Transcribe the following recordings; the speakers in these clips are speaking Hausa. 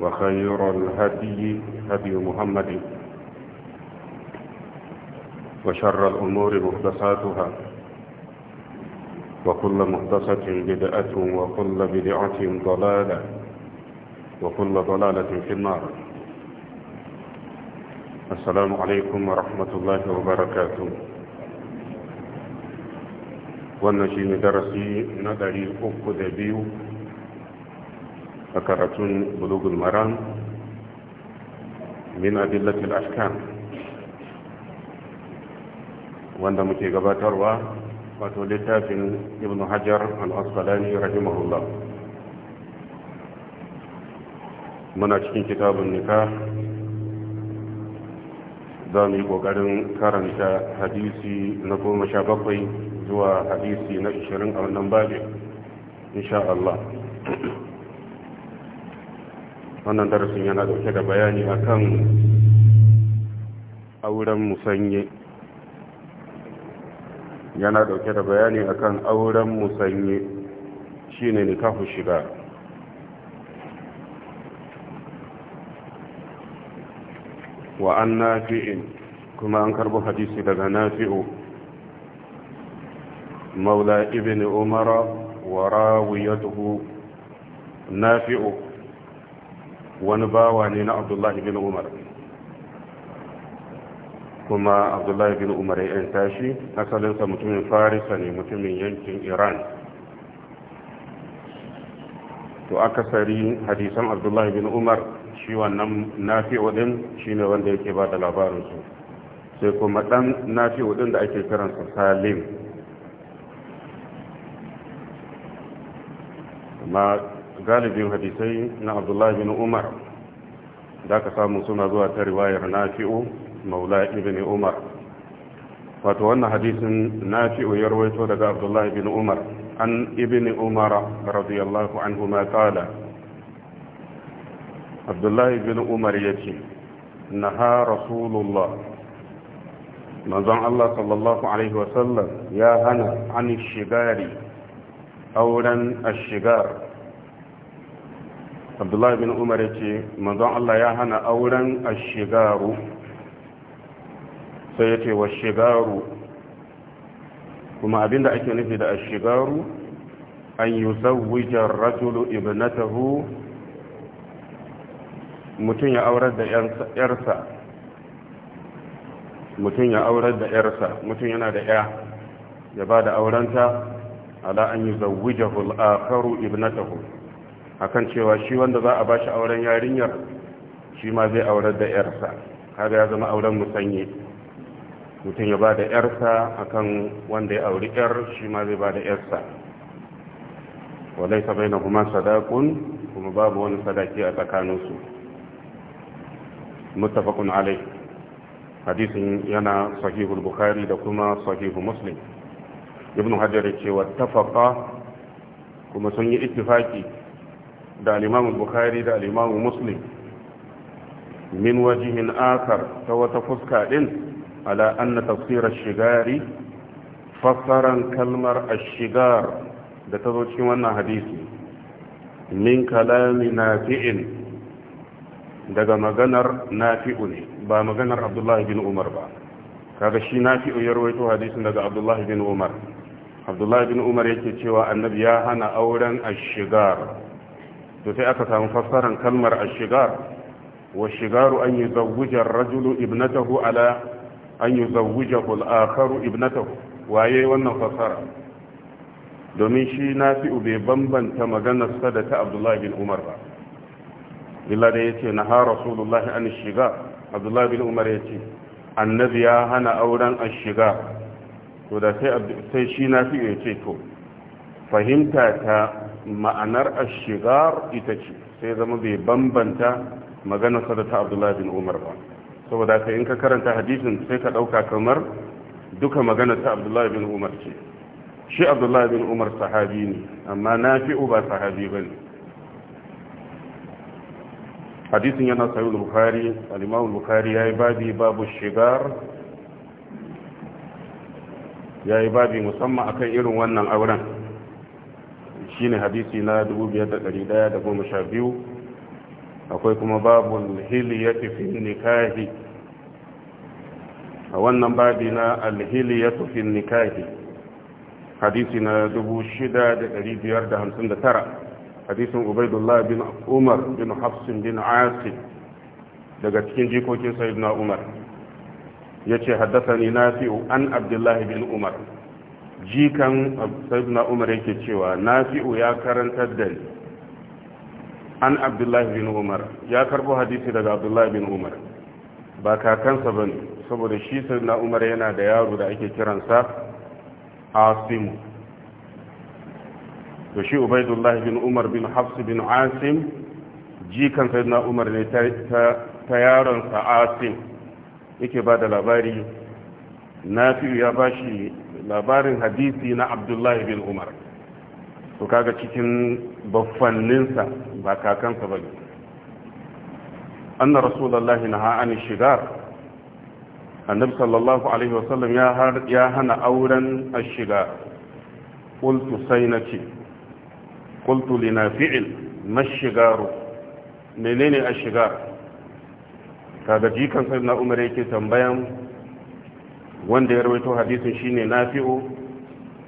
وخير الهدي هدي محمد وشر الأمور محدثاتها وكل محدثة بدعة وكل بدعة ضلالة وكل ضلالة في النار السلام عليكم ورحمة الله وبركاته wannan درسي ندعي أكد na a karatun bulugul maram min adillatul ashkam wanda muke gabatarwa wato littafin ibn hajar al-asqalani rahimahullah muna cikin kitabun nikah za mu yi ƙoƙarin karanta hadisi na goma sha bakwai zuwa hadisi na ishirin a wannan babin insha Allah wannan darasin yana dauke da bayani akan auren musanye yana dauke da bayani akan auren musanye shine nikahu shiga wa an nafi'in kuma an karbo hadisi daga nafi'u maula ibn umara wa rawiyatuhu nafi'u wani bawa ne na abdullahi bin umar kuma abdullahi bin umar ya yanta shi asalinsa mutumin farisa ne mutumin yankin iran to akasari hadisan abdullahi bin umar shi wannan nafi'u shi shine wanda yake ba da labarinsu sai kuma dan nafi'u da ake kiransa salim galibin hadisai na abdullahi bin umar da ka samu suna zuwa ta riwayar nafi'u maula ibn umar wato wannan hadisin nafi'u ya rawaito daga abdullahi bin umar an ibn umar radiyallahu anhu ma qala abdullahi bin umar yace naha rasulullah manzon Allah sallallahu alaihi wasallam ya hana an shigari auren ashigar abdullahi bin umar ya ce manzon allah ya hana auren a Shigaru sai ya ce wa shigaru kuma abinda ake nufi da a Shigaru an yi zawujar rajulu ibnatahu mutum ya aurar da yarsa mutum ya aurar da yarsa mutum yana da ya ya ba da aurenta ala an yi zawujar al'akaru ibnatahu akan cewa shi wanda za a ba shi auren yarinyar shi ma zai aurar da yarsa kaga ya zama auren musanye mutum ya ba da yarsa akan wanda ya auri yar shi ma zai ba da yarsa walai bai na kuma sadakun kuma babu wani sadaki a tsakaninsu mutafakun alai hadisun yana sahihul bukhari da kuma sahihul muslim ibn hajar ce wa kuma sun yi ittifaki da al'imamu bukhari da al'imamu muslim min wajihin akar ta wata fuska din ala anna tafsirar shigari fassaran kalmar ashigar da ta zo cikin wannan hadisi min kalami nafi'in daga maganar nafi'u ne ba maganar abdullahi bin umar ba kaga shi nafi'u ya rawaito hadisin daga abdullahi bin umar abdullahi bin umar yake cewa annabi ya hana auren ashigar to sai aka samu fassaran kalmar ashigar wa shigaru an yi zawujar rajulu ibnatahu ala an yi zawujahu al'akaru ibnatahu waye wannan fassara domin shi na fi ube bambanta maganarsa da ta abdullahi bin umar ba illa da ya ce na ha rasulullahi an shiga abdullahi bin umar ya ce annabi ya hana auren a shiga to da sai shi na fi ya ce to fahimta ta ma'anar ashigar ita ce sai zama bai bambanta maganar sadata abdullahi bin umar ba saboda ka in ka karanta hadisin sai ka ɗauka kamar duka maganar ta abdullahi bin umar ce shi abdullahi bin umar sahabi ne amma na fi uba sahabi ba ne hadisin yana sayi bukari alimamun bukari ya yi babi babu shigar ya yi babi musamman akan irin wannan auren ne hadisi na 5112 akwai kuma babul hiliyati fi nikahi a wannan babi na alhiliyatu fi nikahi hadisi na 6559 hadisin ubaidullah bin umar bin hafsin bin Asi daga cikin jikokin na umar Ya ce haddasa ni na nafi'u an Abdullahi bin umar jikan sayyidina umar yake cewa nafi'u ya karantar da ni an abdullahi bin umar ya karbo hadisi daga abdullahi bin umar ba kakansa ba ne saboda shi sayyidina umar yana da yaro da ake kiransa asimu to shi ubaidullahi bin umar bin hafs bin asim jikan sayyidina umar ne ta yaronsa asim yake ba da labari nafi'u ya bashi labarin hadisi na abdullahi bin umar to kaga cikin baffanninsa ba kakansa ba ne anna rasulallahi na ha'ani shigar annab sallallahu alaihi wasallam ya hana auren a ashiga ƙultu sai na ce ƙultu linafi'il mashigaru menene shigar kaga jikan sai na umar yake tambayan wanda ya rawaito hadisin shine nafi'u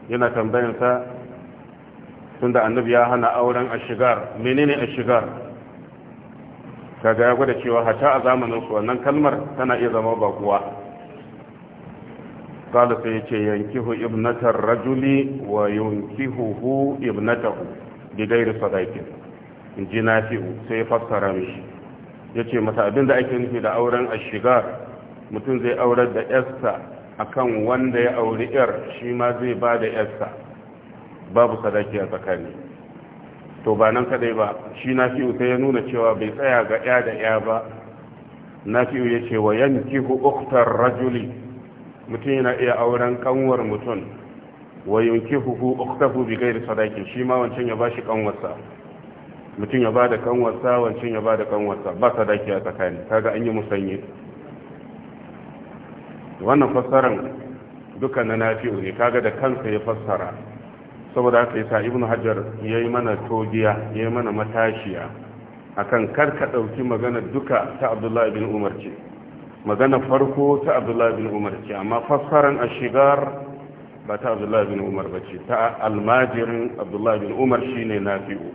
yana tambayansa tunda annabi ya hana auren ashigar menene ashigar kaga ya gwada cewa hata a zamanin su wannan kalmar tana iya zama bakuwa qala sai yace yankihu ibnatar rajuli wa yunkihuhu ibnatahu bi ghairi in inji nafi'u sai fassara mishi yace masa abinda ake nufi da auren ashigar mutum zai aurar da yarsa akan wanda ya auri yar shi ma zai ba da yarsa babu sadaki a tsakani to ba nan kadai ba shi na fi sai ya nuna cewa bai tsaya ga ya da ya ba Na ya ce wa yanki uktar rajuli mutum yana iya auren kanwar mutum wa yankihu uktahu bi gairi sadaki shi ma wancan ya ba shi kanwarsa mutum ya ba da kanwarsa wancan ya ba da kanwarsa ba sadaki a tsakani kaga an yi musanye wannan fassaran duka na nafi'u ne kaga da kansa ya fassara saboda haka sa ibn hajar ya yi mana togiya ya yi mana matashiya akan kar ka ɗauki magana duka ta abdullahi bin umar ce magana farko ta abdullahi bin umar ce amma fassaran shigar ba ta abdullahi bin umar ba ce ta almajirin abdullahi bin umar shine nafi'u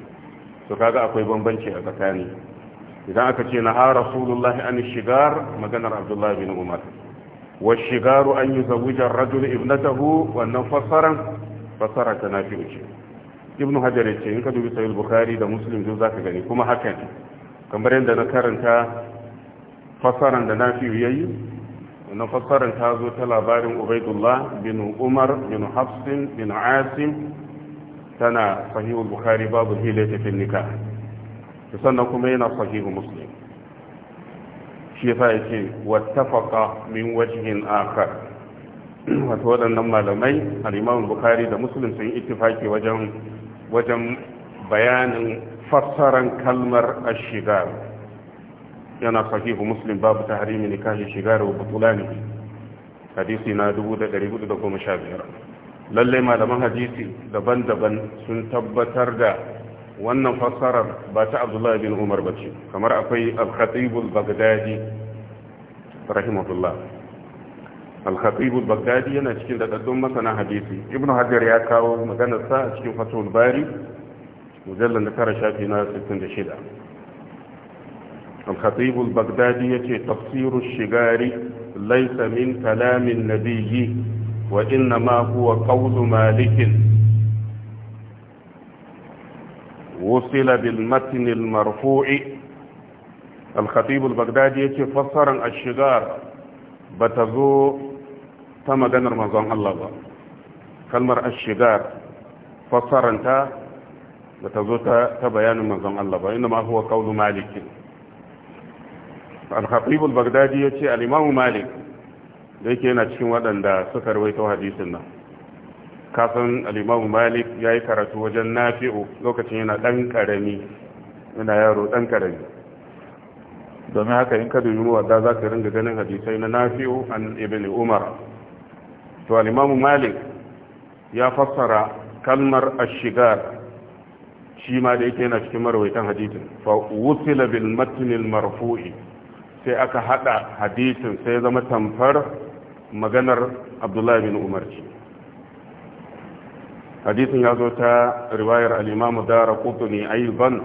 su kaga akwai bambanci a tsakani idan aka ce na ha rasulullahi an shigar maganar abdullahi bin umar wa shigaru an yi zabujar rajul ibnatahu wannan fassaran fassara ta nafi uce ibnu hajar ce in ka dubi sahih bukhari da muslim duk zaka gani kuma haka ne kamar yadda na karanta fassaran da nafi yayi wannan fassaran ta zo ta labarin ubaidullah bin umar bin hafsin bin asim tana sahihul bukhari babu hilata fil nikah sannan kuma yana sahihu muslim shi yasa yake wattafaqa min wajhin akhar wato waɗannan malamai al-Imam Bukhari da musulun sun ittifaki wajen wajen bayanin fassaran kalmar ash-shigar yana sahihu Muslim babu tahrimi kashi shigar wa butulani hadisi na 1415 Lallai malaman hadisi daban-daban sun tabbatar da wannan fassarar ba ta abdullahi bin umar ba ce kamar akwai al-khatibul bagdadi rahimahullah al-khatibul bagdadi yana cikin dadaddun masana hadisi ibnu hajar ya kawo maganar sa a cikin fatul bari mujallal da tara shafi na 66 al-khatibul bagdadi yace tafsiru shigari laysa min kalamin nabiyyi wa inma huwa qawlu malikin وصل بالمتن المرفوع الخطيب البغدادي يتي فسر الشجار بتزو تم جن رمضان الله كلمة الشجار فسر انت بتزو تبيان رمضان الله إنما هو قول مالك الخطيب البغدادي يتي الإمام مالك لكن أتشين ودن دا سكر ويتو حديثنا kasan al'imamu malik ya yi karatu wajen nafi'u lokacin yana ɗan ƙarami yana yaro ɗan ƙarami domin haka in ka dubi muwadda za ka ringa ganin hadisai na nafi'u an ibn umar to al'imamu malik ya fassara kalmar ashigar shi ma da yake yana cikin marawaitan hadisin fa wusila bil matnil marfu'i sai aka hada hadisin sai zama tamfar maganar abdullahi bin umar ce hadisin ya zo ta riwayar al-imamu dara kutuni ayyuban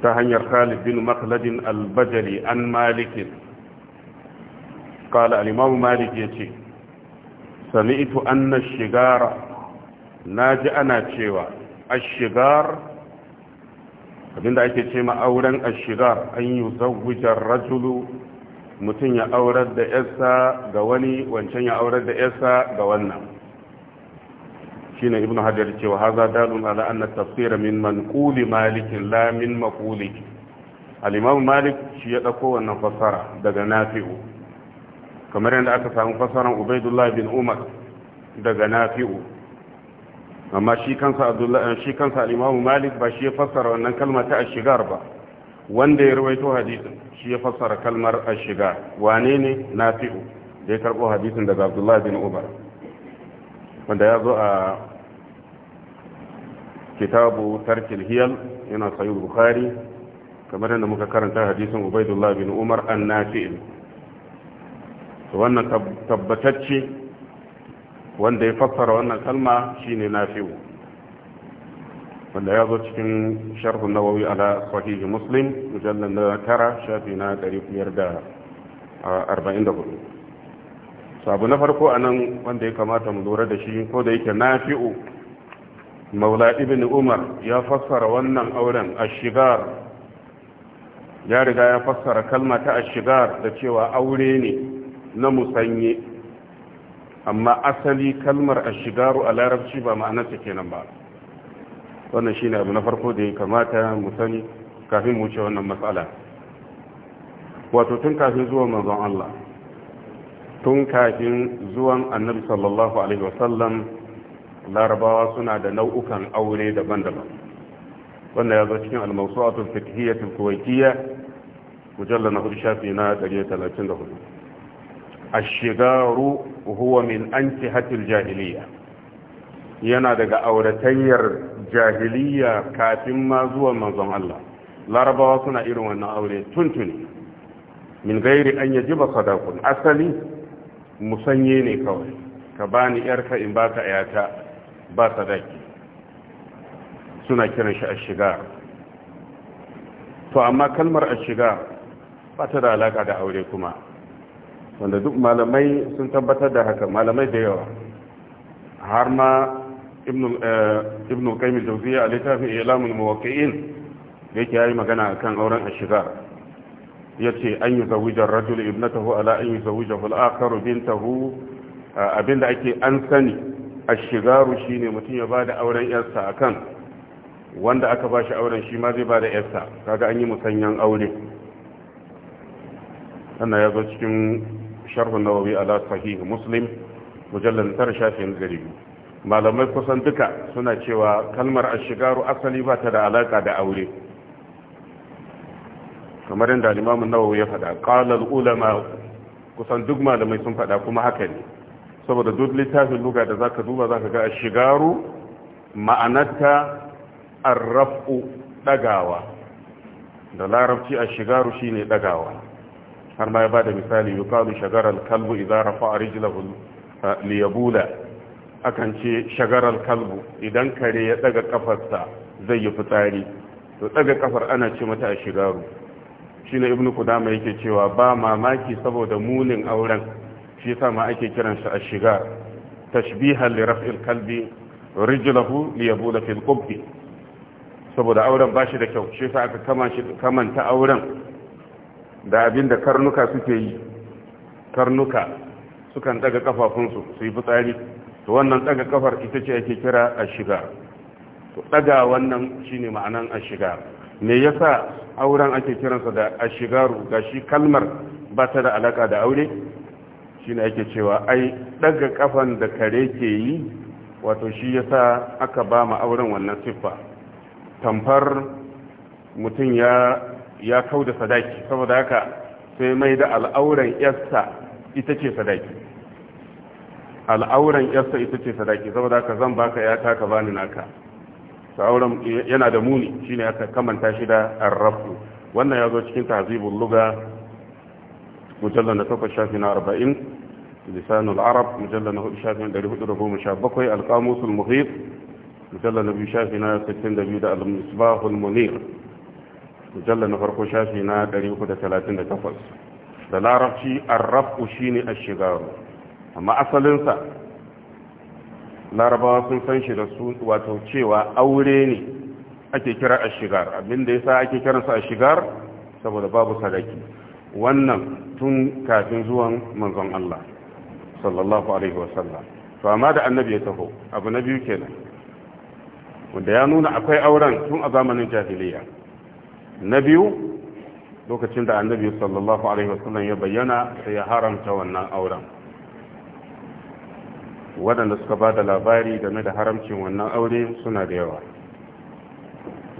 ta hanyar khalid bin makladin albajali an malikin kala Alimamu malik ya ce sami'tu anna shigara na ji ana cewa ashigar abinda ake ce ma auren ashigar an yi zawujar rajulu mutum ya aurar da yasa ga wani wancan ya aurar da yasa ga wannan shine ibnu hajar cewa haza dalun ala anna tafsir min manquli malik la min maquli al-imam malik shi ya dauko wannan fasara daga nafi'u kamar yadda aka samu fasaran ubaidullah bin umar daga nafi'u amma shi kansa abdullahi shi kansa al-imam malik ba shi ya fassara wannan kalma ta ashigar ba wanda ya rawaito hadisin shi ya fassara kalmar ashigar wane ne nafi'u da ya karbo hadisin daga abdullahi bin umar wanda ya zo a kitabu tarkil hiyal yana sayi bukhari kamar yadda muka karanta hadisin ubaidullah bin umar an nafi'il wannan tabbatacce wanda ya fassara wannan kalma shine nafi'u wanda ya zo cikin sharhun nawawi ala sahihi muslim mujallar na tara shafi na 544 sabu na farko a nan wanda ya kamata mu lura da shi ko da yake nafi'u maula ibn umar ya fassara wannan auren shigar. ya riga ya fassara kalma ta shigar da cewa aure ne na musanye amma asali kalmar a shigaru a larabci ba ma'anarsa kenan ba wannan ne abu na farko da ya kamata mu sani kafin mu wannan matsala wato tun kafin zuwa manzon Allah tun kafin zuwan annabi sallallahu alaihi wasallam larabawa suna da nau'ukan aure daban-daban wanda ya zo cikin almasu fiqhiyyatul kuwaitiyya mujalla na hudu shafi na 134 ashigaru huwa min antihatil jahiliya yana daga auratayyar jahiliya kafin ma zuwan manzon Allah larabawa suna irin wannan aure tuntuni min gairi an yajiba sadakun asali musanye ne kawai ka bani yarka in ba ka yata ba sadaki suna kiran shi a shiga to amma kalmar shiga ba ta da alaka da aure kuma wanda duk malamai sun tabbatar da haka malamai da yawa har ma ibn eh, qayyim al-jawziyya a littafin mawaƙi'in da yake yayi magana a kan auren a shiga. yace an yi zawujar rajul ibnatahu ala an yuzawwijahu al-akhar bintahu abinda ake an sani ashigaru shine mutum ya bada auren yarsa akan wanda aka ba shi auren shi ma zai bada yarsa kaga an yi musanyan aure sannan ya zo cikin sharh an-nawawi ala sahih muslim mujallal tar shafin gari malamai kusan duka suna cewa kalmar Shigaru asali ba ta da alaka da aure kamar yadda limamin nawa ya faɗa ƙalar ulama kusan duk malamai sun faɗa kuma haka ne saboda duk littafin luga da za ka duba za ka ga a shigaru ma'anarta arrafu ɗagawa da larabci a shigaru shine dagawa har ma ya ba da misali yi kalu shagarar kalbu rafa a rijlahu liyabula akan ce shagarar kalbu idan kare ya ɗaga kafarsa zai yi fitsari to ɗaga ƙafar ana ce mata a shigaru shi ne ibn kudama yake cewa ba mamaki saboda munin auren shi sa ma ake kiransa a shiga tashbihan li raf'il kalbi rijlahu li yabula fil qubbi saboda auren ba shi da kyau shi sa aka kama ta auren da abinda karnuka suke yi karnuka sukan daga kafafunsu su yi fitsari to wannan daga kafar ita ce ake kira a shiga to daga wannan shine ma'anan a shiga me yasa auren ake kiransa da ashigaru shi kalmar ba ta da alaka da aure shi ne ake cewa ai daga kafan da kare ke yi wato shi ya sa aka ba ma auren wannan siffa tamfar mutum ya kau kauda sadaki saboda haka sai mai da al'auran 'yasta ita ce sadaki al'auran 'yasta ita ce sadaki saboda haka zan baka ya taka bani naka sauran yana da muni shine aka kamanta shi da arrafu wannan ya zo cikin tahzibul lugha mujallal na takwas shafi na arba'in lisanul arab mujallal na hudu shafi na ɗari hudu da goma bakwai alƙamusul muhit mujallal na biyu shafi na sittin da biyu da al-misbahul munir mujallal na farko shafi na ɗari uku da talatin da takwas da larabci arrafu shine ashigaru amma asalinsa larabawa sun san shi da su wato cewa aure ne ake kira a shigar abinda ya sa ake kiransa a shigar saboda babu sadaki wannan tun kafin zuwan manzon Allah sallallahu alaihi wasallam to amma da annabi ya taho abu na biyu kenan wanda ya nuna akwai auren tun a zamanin jahiliya na biyu lokacin da annabi sallallahu alaihi wasallam ya bayyana sai ya haramta wannan auren waɗanda suka ba da labari game da haramcin wannan aure suna da yawa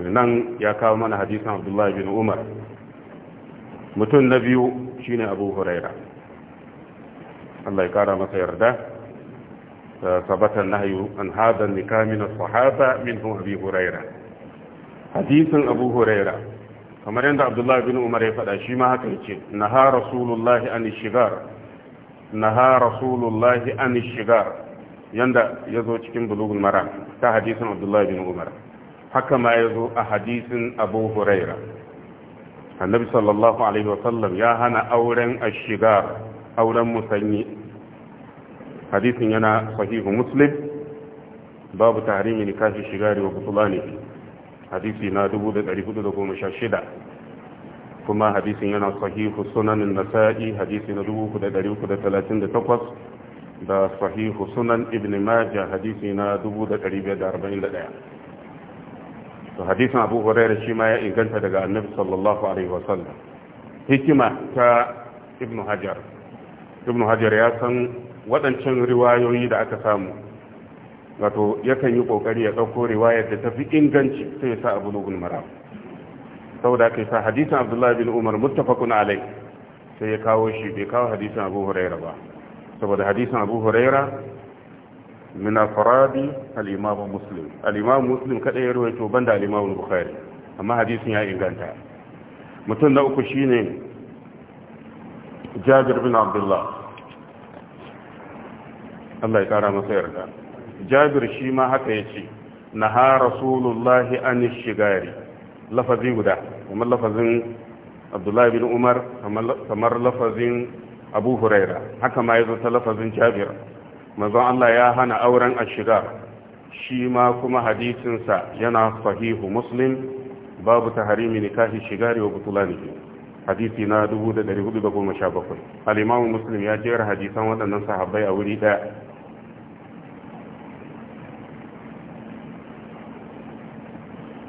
nan ya kawo mana hadisan abdullahi bin umar mutum na biyu shine abu huraira Allah ya kara masa yarda sabatan nahyu an hada nikah min as-sahaba minhu abi huraira Hadisan abu huraira kamar yadda abdullahi bin umar ya faɗa shi ma haka ce. Na ha rasulullahi an shigar Na ha rasulullahi an shigar yanda ya zo cikin bulugul maram ta hadisin abdullahi bin umar haka ma ya zo a hadisin abu huraira annabi sallallahu alaihi wasallam ya hana auren a shiga auren musanyi hadisin yana sahihu muslim babu tahrimi nikahi shigari wa butulani hadisi na 1416 kuma hadisin yana sahihu sunanin nasa'i hadisi na 3338 da sahihu sunan ibn majah hadisi na 1541 to hadisin abu hurairah shi ma ya inganta daga annabi sallallahu alaihi wasallam hikima ta ibn hajar ibn hajar ya san waɗancan riwayoyi da aka samu wato yakan yi ƙoƙari ya ɗauko riwayar da tafi inganci sai ya sa abu lugun mara saboda kai sa hadisin abdullahi bin umar muttafaqun alai sai ya kawo shi bai kawo hadisin abu hurairah ba saboda hadisin abu huraira min al-farabi al-imam muslim al-imam muslim kada ya ruwaito banda al bukhari amma hadisin ya inganta mutum na uku shine jabir bin abdullah Allah ya kara masa yarda jabir shi ma haka ya na ha rasulullahi an shigari lafazi guda kuma lafazin abdullahi bin umar kamar lafazin abu huraira haka ma ya zo ta lafazin jabir manzo Allah ya hana auren ashiga shi ma kuma hadisinsa yana sahihu muslim babu taharimi nikahi shigari wa butulani hadisi na 1417 al-imamu muslim ya jera hadisan waɗannan sahabbai a wuri ɗaya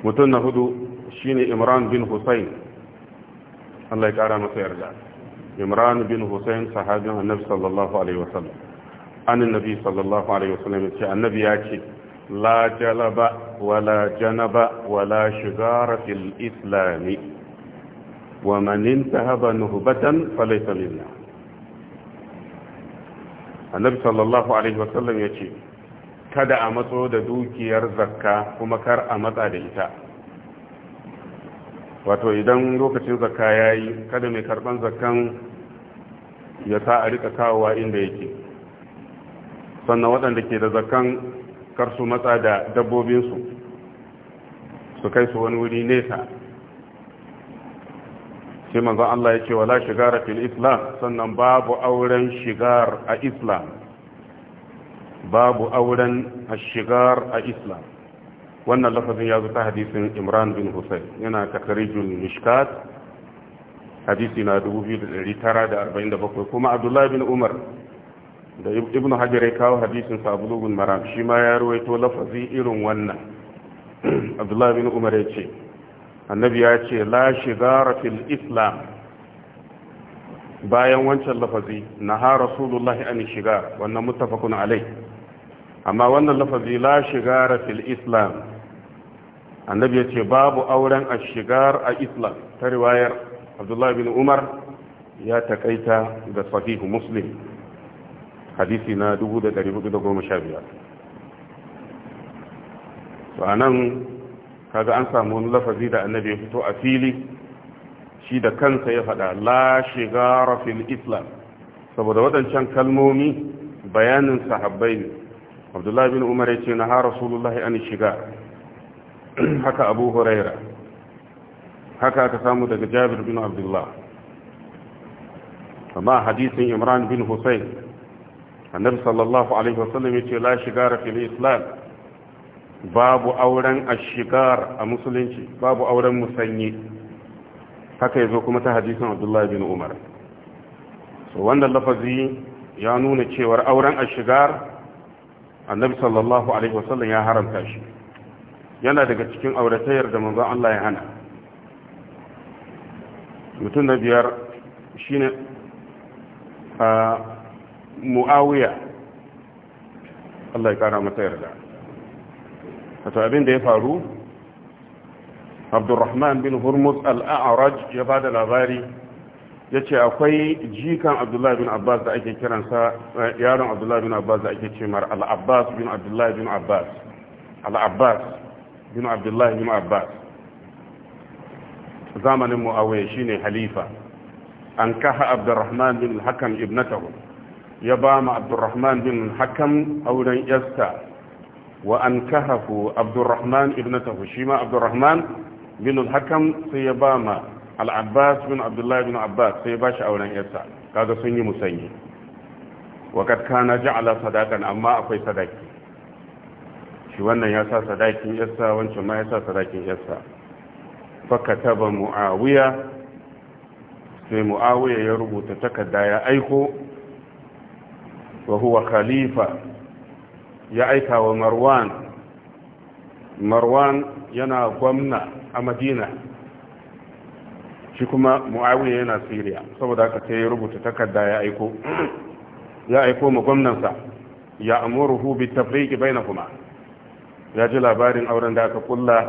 mutum na hudu shine imran bin husayn Allah ya kara masa yarda imran bin husayn sahabin annabi sallallahu alaihi wasallam an annabi sallallahu alaihi wasallam ya ce annabi ya ce la jalaba wala janaba wala shigara fil islami wa man intahaba nuhbatan falaysa minna annabi sallallahu alaihi wasallam ya ce kada a matso da dukiyar zakka kuma kar a matsa da ita wato idan lokacin zakka ya yi kada mai karban zakkan ya sa a rika kawowa inda yake sannan waɗanda ke da zakkan kar su matsa da dabbobinsu su kai su wani wuri nesa sai manzon Allah ya ce wala shigara fil islam sannan babu auren shigar a islam babu auren shigar a islam wannan lafazin ya zo ta hadisin imran bin Hussein, yana takarijul mishkat hadisi na 2947 kuma abdullahi bin umar da ibn hajar ya kawo hadisin sabulugun maram shi ma ya ruwaito lafazi irin wannan abdullahi bin umar ya ce annabi ya ce la shigara fil islam bayan wancan lafazi na ha rasulullahi an shiga wannan muttafaqun alai amma wannan lafazi la shigara fil islam annabi ya ce babu auren a shigar a islam ta riwayar abdullahi bin umar ya takaita da sahihu muslim hadisi na 1415 ba nan kaga an samu wani lafazi da annabi ya fito a fili shi da kansa ya faɗa la shigara fil islam saboda waɗancan kalmomi bayanin sahabbai ne abdullahi bin umar ya ce na ha rasulullahi an shiga haka abu huraira haka aka samu daga jabir bin abdullah amma hadisin imran bin hussein annabi sallallahu alaihi wasallam yace la shigara fil islam babu auren ashigar a musulunci babu auren musanyi haka yazo kuma ta hadisin abdullah bin umar so wannan lafazi ya nuna cewar auren ashigar annabi sallallahu alaihi wasallam ya haramta shi yana daga cikin auratayyar da manzon Allah ya hana mutum na biyar shine a muawiya Allah ya kara mata yarda wato abin da ya faru abdurrahman bin hurmuz al-a'raj ya da labari ya ce akwai jikan abdullahi bin abbas da ake kiransa yaron abdullahi bin abbas da ake ce mar al-abbas bin abdullahi bin abbas al-abbas bin abdullahi bin abbas zamanin mu'awiyya shine halifa an kaha abdurrahman bin hakan ibnatahu ya ba ma abdurrahman bin hakan auren yasta wa an kahafu abdurrahman ibnatahu shi ma abdurrahman bin hakan sai ya ba ma al'abbas bin abdullahi bin abbas sai ya ba shi auren yasta kaga sun yi musanyi wa kad kana ja'ala sadaqan amma akwai sadaki. shi wannan ya sa sadakin yassa wancan ma ya sa sadakin yassa fakataba mu'awiya sai mu'awiya ya rubuta takarda ya aiko wa huwa khalifa ya aika wa marwan marwan yana gwamna a madina shi kuma mu'awiya yana siriya saboda haka sai ya rubuta takarda ya aiko ya aiko ma gwamnansa ya amuruhu bi tafriqi bainakuma kuma ya ji labarin auren da aka kulla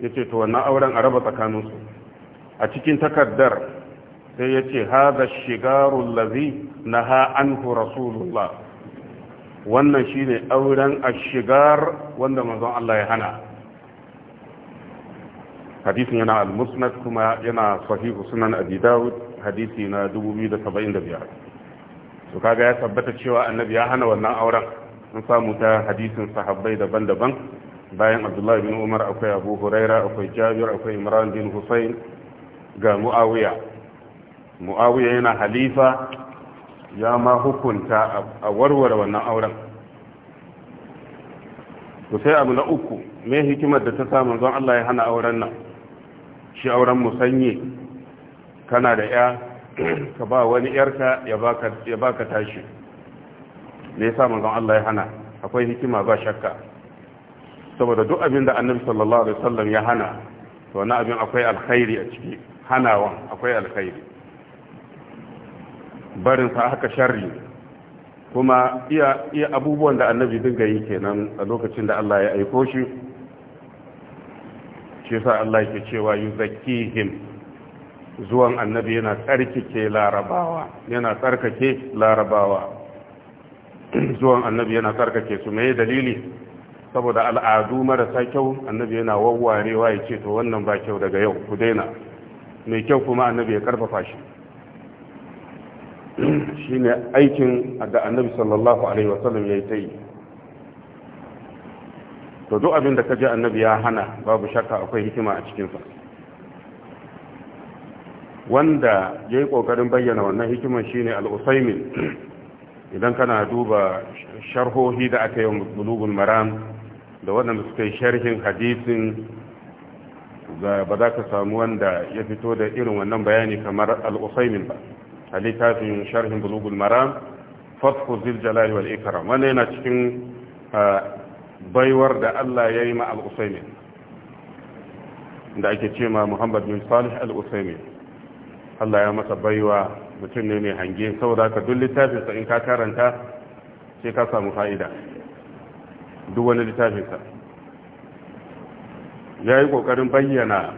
ya ce to wannan auren a raba tsakaninsu a cikin takardar sai ya ce haza shigarun lazi na ha'anhu rasulullah wannan shi ne auren a shigar wanda mazan Allah ya hana hadisin yana al-musnad kuma yana sahihu sunan abi dawud hadisi na 2075 su kaga ya tabbata cewa annabi ya hana wannan auren an samu ta hadisin sahabbai daban-daban bayan abdullahi bin umar akwai abu huraira akwai jabir akwai imran bin hussein ga muawiya muawiya yana halifa ya ma hukunta a warware wannan auren to sai abu na uku me hikimar da ta sa manzon Allah ya hana auren nan shi auren musanye kana da ya ka ba wani yarka ya baka tashi ne me yasa don Allah ya hana akwai hikima ba shakka saboda duk abin da annabi sallallahu alaihi wasallam ya hana to wannan abin akwai alkhairi a ciki hanawa akwai alkhairi barin sa haka sharri kuma iya iya abubuwan da annabi dinga yi kenan a lokacin da Allah ya aiko shi shi yasa Allah yake cewa yuzakkihim zuwan annabi yana tsarkake larabawa yana tsarkake larabawa zuwan annabi yana karkace su mai dalili saboda al'adu marasa kyau annabi yana wawwarewa ya ce to wannan ba kyau daga yau ku daina mai kyau kuma annabi ya karfafa shi shi ne aikin da annabi sallallahu alaihi wasallam ya yi ta yi to duk abin da ka ji annabi ya hana babu shakka akwai hikima a cikinsa wanda ya yi ƙoƙarin bayyana wannan hikimar shi ne al'usaimin idan kana duba sharhohi da aka yi bulugul maram da waɗanda suka yi sharhin hadisin ba za ka samu wanda ya fito da irin wannan bayani kamar al'usaimin ba a littafin sharhin bulugul maram fatku ziljalari wal ikram wannan yana cikin baiwar da Allah ya yi ma al'usaimin da ake ce ma muhammad bin salih al'usaimin Allah ya masa baiwa mutum ne mai hange saboda ka duk littafinsa in ka karanta sai ka samu fa'ida duk wani littafinsa ya yi ƙoƙarin bayyana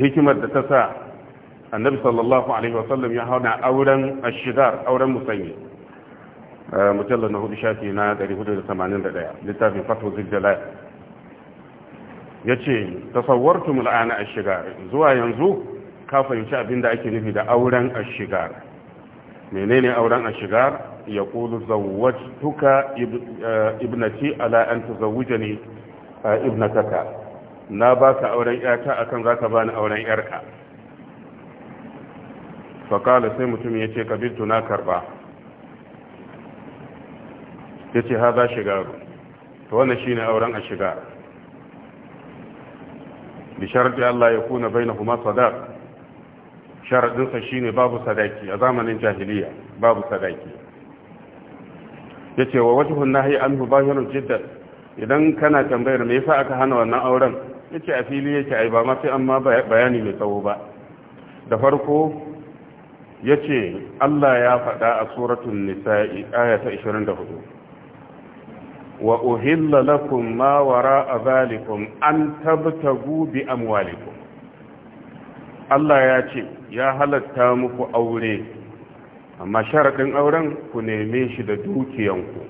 hikimar da ta sa annabi sallallahu alaihi wasallam ya hauna auren ashidar auren musanyi mujallar na hudu shafi na 481 littafin fatwa zijjalai ya ce tasawwartum al'ana ashidar zuwa yanzu ka fahimci abin da ake nufi da auren ashigar menene auren ashigar ya kulu zawwajtuka eh, ibnati ala an tuzawwijani eh, ibnataka na baka auren yata akan zaka bani auren yarka faƙala sai mutum ya ce kabiltu na karɓa ya ce ha za shigaru ta wannan shi ne auren a shiga bisharti Allah ya kuna bai na kuma sadar sharaɗinsa shine babu sadaki a zamanin jahiliya babu sadaki ya ce wa wajihun nahi an hubahirun jidda idan kana tambayar me yasa aka hana wannan auren ya ce a fili ya ce ai ba mafi amma bayani mai tsawo ba da farko ya ce allah ya faɗa a suratun nisa'i ayata 24 wa uhilla lakum ma wara a zalikum an tabtagu bi amwalikum Allah ya ce ya halatta muku aure amma sharaɗin auren ku neme shi da dukiyanku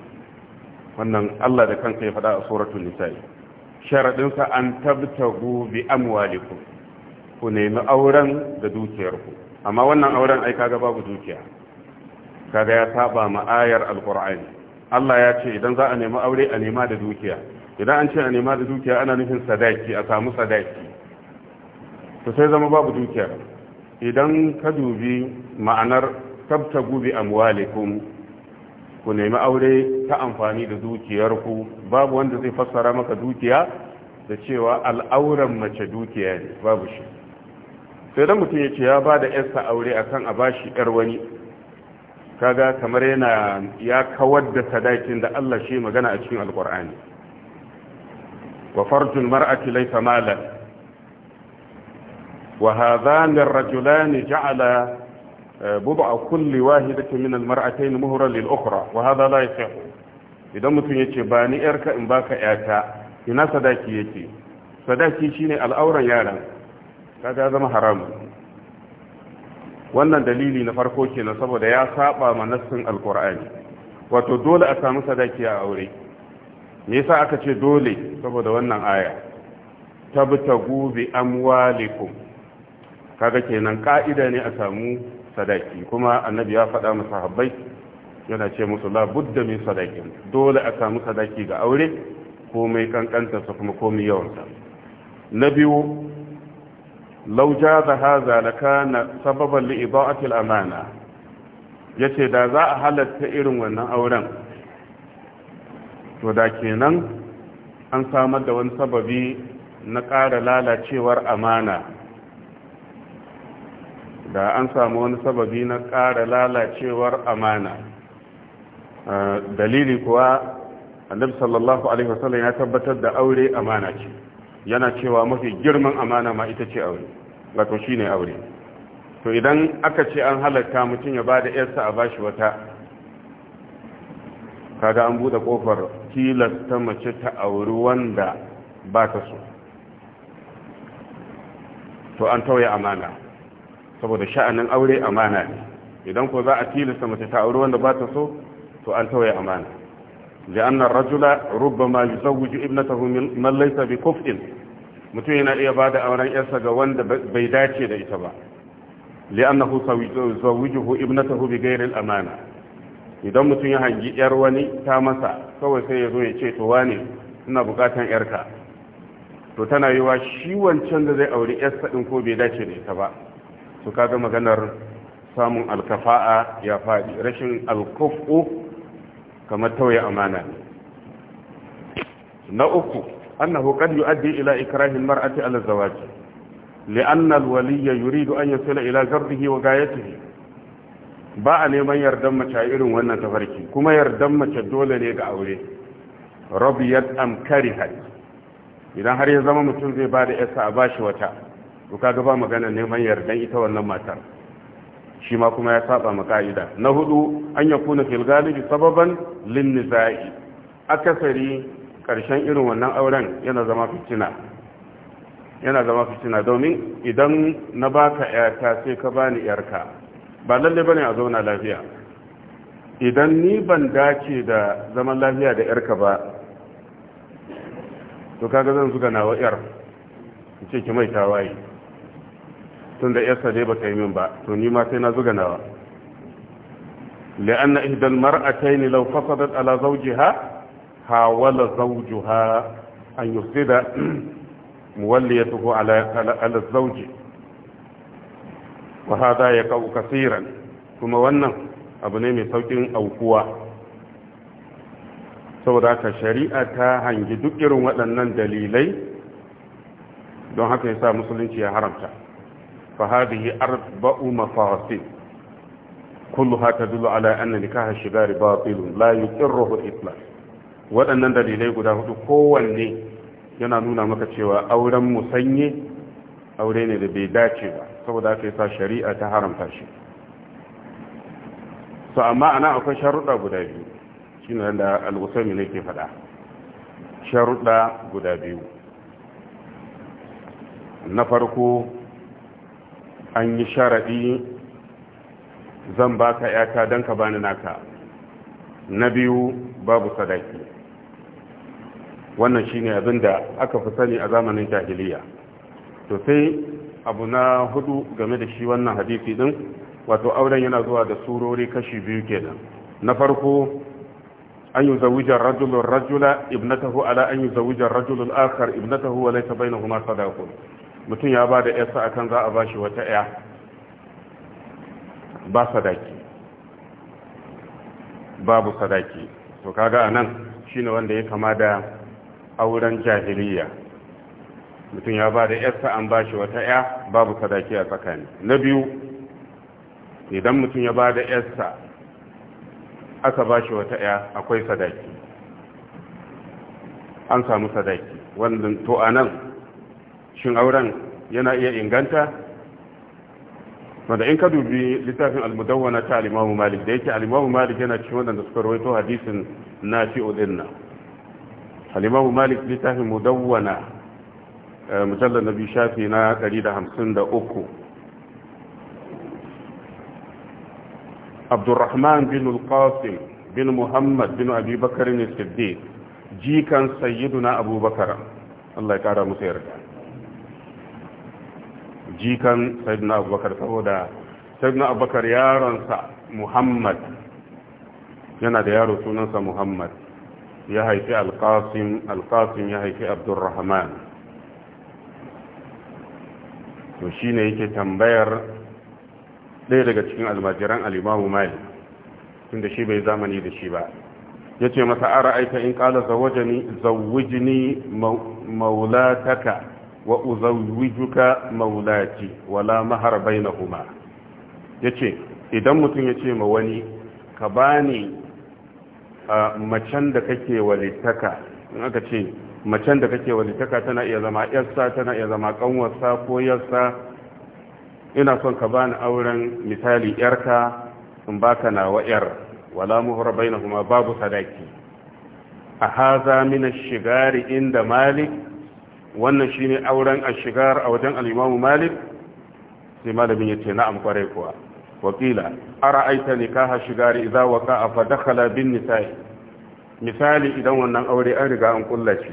wannan Allah da kanka ya faɗa a suratul nisa'i sharaɗinsa an tabtagu bi amwalikum ku nemi auren da dukiyarku amma wannan auren ai kaga babu dukiya kaga ya saba ma ayar alqur'ani Allah ya ce idan za a nemi aure a nema da dukiya idan an ce a nema da dukiya ana nufin sadaki a samu sadaki to sai zama babu dukiya idan ka dubi ma'anar tabta gubi amwalikum ku nemi aure ta amfani da dukiyarku babu wanda zai fassara maka dukiya da cewa al'auran mace dukiya ne babu shi sai dan mutum ya ce ya ba da yarsa aure akan a bashi yar wani kaga kamar yana ya kawar da sadakin da Allah shi magana a cikin alqur'ani wa farjul mar'ati laysa malan wa hadhani ar-rajulani ja'ala bud'a kulli wahidatin min al-mar'atayn muhran lil-ukhra wa hadha la yasih idan mutum yace ba ni yarka in baka yata ina sadaki yake sadaki shine al'auran yaran kaga zama haramu wannan dalili na farko kenan saboda ya saba ma nassin alqur'ani wato dole a sami sadaki a aure me yasa aka ce dole saboda wannan aya tabtagu bi amwalikum kaga kenan ka'ida ne a samu sadaki kuma annabi ya faɗa musu habbai yana ce musu la budda min sadakin dole a samu sadaki ga aure komai kankanta su kuma komai yawansa na biyu law haza da kana sababan li ida'ati al-amana yace da za a halatta irin wannan auren to da kenan an samar da wani sababi na ƙara lalacewar amana da an samu wani sababi na ƙara lalacewar amana dalili kuwa annabi sallallahu alaihi wasallam ya tabbatar da aure amana ce yana cewa mafi girman amana ma ita ce aure wato shine aure to idan aka ce an halarta mutum ya bada yarsa a bashi wata kaga an bude kofar tilasta mace ta auri wanda ba ta so to an tauye amana saboda sha'anin aure amana ne idan ko za a tilasta mace ta aure wanda ba ta so to an tawaye amana لأن الرجل ربما يزوج ابنته من ليس بكفء mutum yana iya ba da auren yarsa ga wanda bai dace da ita ba li'annahu zawwijuhu ibnatahu bi ghayri al-amana idan mutum ya hangi yar wani ta masa kawai sai ya zo ya ce to wane ina bukatan yarka to tana yiwa shi wancan da zai auri yarsa din ko bai dace da ita ba su kaga maganar samun alkafa'a ya faɗi rashin alkufu kamar tauye amana na uku annahu qad yu'addi ila ikrahin mar'ati ala zawaj li'anna al yuridu an yasila ila gardihi wa gayatihi ba a neman yardan mace irin wannan tafarki kuma yardan mace dole ne ga aure rabiyat am karihat idan har ya zama mutum zai ba da yasa a bashi wata to kaga ba magana neman yardan ita wannan matar shi ma kuma ya saba ma ka'ida na hudu an ya kuna fil galibi sababan lin nizai akasari karshen irin wannan auren yana zama fitina yana zama fitina domin idan na baka yarka sai ka bani yarka ba lalle bane a zauna lafiya idan ni ban dace da zaman lafiya da yarka ba to kaga zan zuga nawa yar ce ki mai tawaye tun yarsa dai ba ta yi min ba to ni ma sai na zuga nawa la'an na ihdan mar'atai ne lau fasadat ala zauji ha hawala zauji ha an sida muwalli ya tuho zauji wa hada ya kawo kasiran kuma wannan abu ne mai sauƙin aukuwa saboda ka shari'a ta hangi duk irin waɗannan dalilai don haka ya sa musulunci ya haramta فهذه أربع مفاصل كلها تدل على أن نكاح الشجار باطل لا يقره الإطلاق waɗannan dalilai guda hudu kowanne yana nuna maka cewa auren sanye aure ne da bai dace ba saboda haka yasa shari'a ta haramta shi su amma ana akwai sharuɗa guda biyu shi ne da al'usami ne ke faɗa sharuɗa guda biyu na farko an yi sharaɗi zan baka yata don ka bani naka na biyu babu sadaki wannan shine abin da aka fi sani a zamanin jahiliya to sai abu na hudu game da shi wannan hadisi din wato auren yana zuwa da surori kashi biyu kenan na farko an yi zawujar rajulun rajula ibnatahu ala an yi zawujar rajulun akar ibnatahu wa na kuma sadaqun mutum ya ba da yarsa akan za a ba shi wata ya ba sadaki babu sadaki to kaga anan shine wanda ya kama da auren jahiliya mutum ya ba da yarsa an ba shi wata ya babu sadaki a tsakani na biyu idan mutum ya ba da yarsa aka ba shi wata ya akwai sadaki an samu sadaki wannan to anan shin auren yana iya inganta wanda in ka dubi littafin Al-Mudawwana ta alimamu malik da yake alimamu malik yana cikin wadanda suka rawaito hadisin na fi udinna alimamu malik littafin mudawwana eh, mujallar na biyu shafi na 153 abdurrahman bin al-qasim bin muhammad bin abi bakar ne siddiq jikan sayyiduna abubakar Allah ya kara musu yarda jikan sayyidina abubakar saboda sayyidina abubakar yaronsa muhammad yana da yaro sunansa muhammad ya haifi alkasim ya haifi abdurrahman to shi ne yake tambayar ɗaya daga cikin almajiran alimamu mali tunda shi bai zamani da shi ba ya ce masa ara aika in ƙala zawujini maulataka wa uzawwijuka maulati wala mahar bainahuma yace idan mutum yace ma wani ka bani macen da kake walitaka in aka ce macen da kake walitaka tana iya zama yarsa tana iya zama kanwarsa ko yarsa ina son ka bani auren misali yarka in baka nawa yar wala muhra bainahuma babu sadaki a haza min ash-shigari inda malik wannan shine auren shigar a wajen Alimamu malik sai malamin ya ce na'am kwarai kuwa wakila ara'aita nikaha shigari idza waka a fadakala bin nisa'i misali idan wannan aure an riga an kullace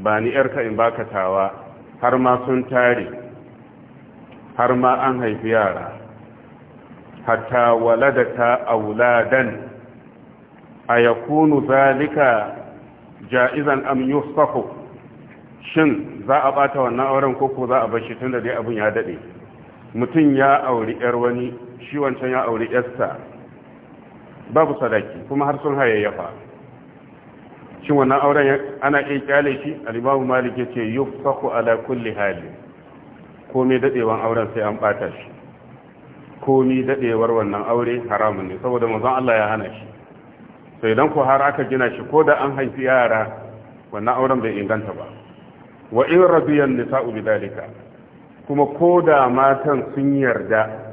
ba ni yarka in baka tawa har ma sun tare har ma an haifi yara hatta waladata auladan yakunu zalika ja'izan am yusafu shin za a bata wannan auren ko ko za a bar shi da dai abin ya daɗe? mutum ya auri yar wani shi wancan ya auri yarsa babu sadaki kuma har sun hayayyafa shin wannan auren ana iya kyale shi alibabu imam Malik yace yufsahu ala kulli hali komai dadewan auren sai an bata shi komai daɗewar wannan aure haramun ne saboda manzon Allah ya hana shi sai idan ko har aka gina shi ko da an haifi yara wannan auren bai inganta ba wa in radiyan nisa'u bidalika kuma ko da matan sun yarda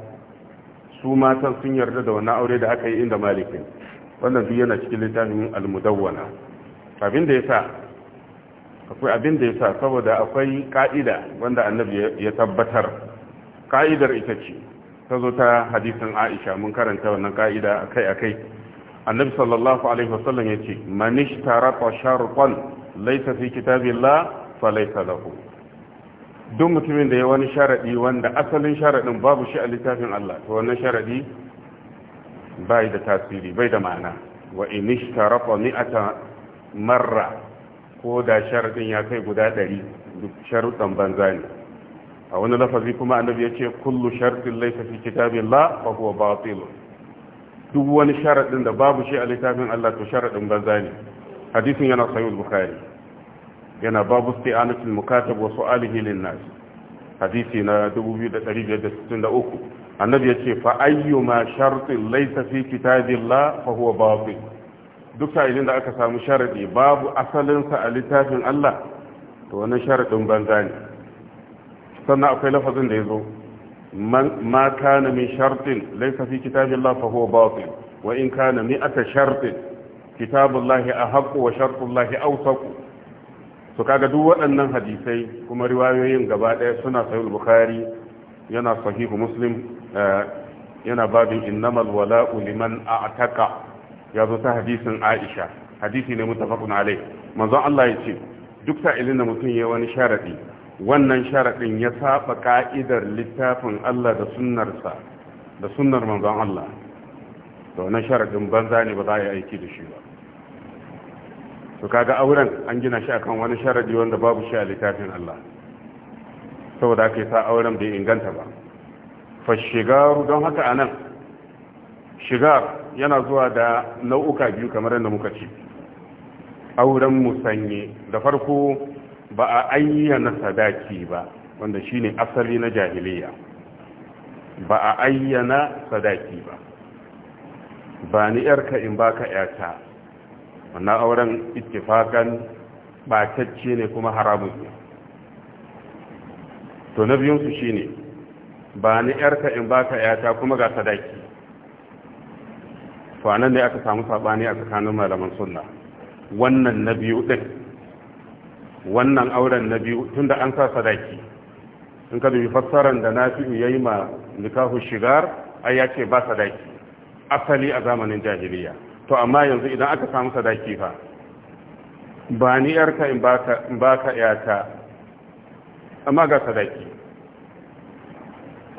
su matan sun yarda da wannan aure da aka yi inda malikin wannan duk yana cikin littafin al-mudawwana abin da yasa akwai abin da yasa saboda akwai ka'ida wanda annabi ya tabbatar ka'idar ita ce ta zo ta hadisin Aisha mun karanta wannan ka'ida akai-akai annabi sallallahu alaihi wasallam yace man ishtara sharqan laysa fi kitabillah falaita lahu duk mutumin da ya wani sharaɗi wanda asalin sharaɗin babu shi a littafin Allah to wannan sharaɗi bai da tasiri bai da ma'ana wa inish tarafa mi'ata marra ko da sharaɗin ya kai guda ɗari duk sharuɗan banza ne a wani lafazi kuma annabi ya ce kullu sharɗin laifa fi kitabin la fa huwa batil duk wani sharaɗin da babu shi a littafin Allah to sharaɗin banza ne hadisin yana sahih bukhari yana babu isti'anatul mukatab wa su'alihi lin-nas hadisi na 2563 annabi yace fa ayyuma shartin laysa fi kitabillah fa huwa batil duk sa'ilin da aka samu sharadi babu asalin sa a littafin Allah to wannan sharadin banza ne sannan akwai lafazin da yazo ma kana min shartin laysa fi kitabillah fa huwa batil wa in kana mi'ata shartin kitabullahi ahqqu wa shartullahi awsaqu to kaga duk waɗannan hadisai kuma riwayoyin gaba ɗaya suna sahih bukhari yana sahihu muslim eh, yana babin innamal wala'u liman a'taka ya zo ta hadisin aisha hadisi ne mutafaqun alai manzo Allah ya ce duk sa'ilin da mutum ya wani sharadi wannan sharadin ya saba ka'idar littafin Allah da sa da sunnar manzon Allah to wannan sharadin banza ne ba za a yi aiki da shi ba to kaga auren an gina shi akan wani sharadi wanda babu shi a littafin Allah saboda kai sa auren bai inganta ba fa shigaru don haka anan shigar yana zuwa da nau'uka biyu kamar yadda muka ci. auren musanye da farko ba a ayyana sadaki ba wanda shine asali na jahiliya ba a ayyana sadaki ba ba ni yarka in baka yata wannan auren ittifakan batacce ne kuma haramun ne to na biyunsu shi ne ba ni yarka in baka yata kuma ga sadaki to anan ne aka samu sabani a tsakanin malaman sunna wannan na biyu din wannan auren na biyu tunda an sa sadaki in ka dubi fassaran da nafi'u yayi ma nikahu shigar ai ya ce ba sadaki asali a zamanin jahiliya to amma yanzu idan aka samu sadaki fa ba ni yarka in ba baka yata amma ga sadaki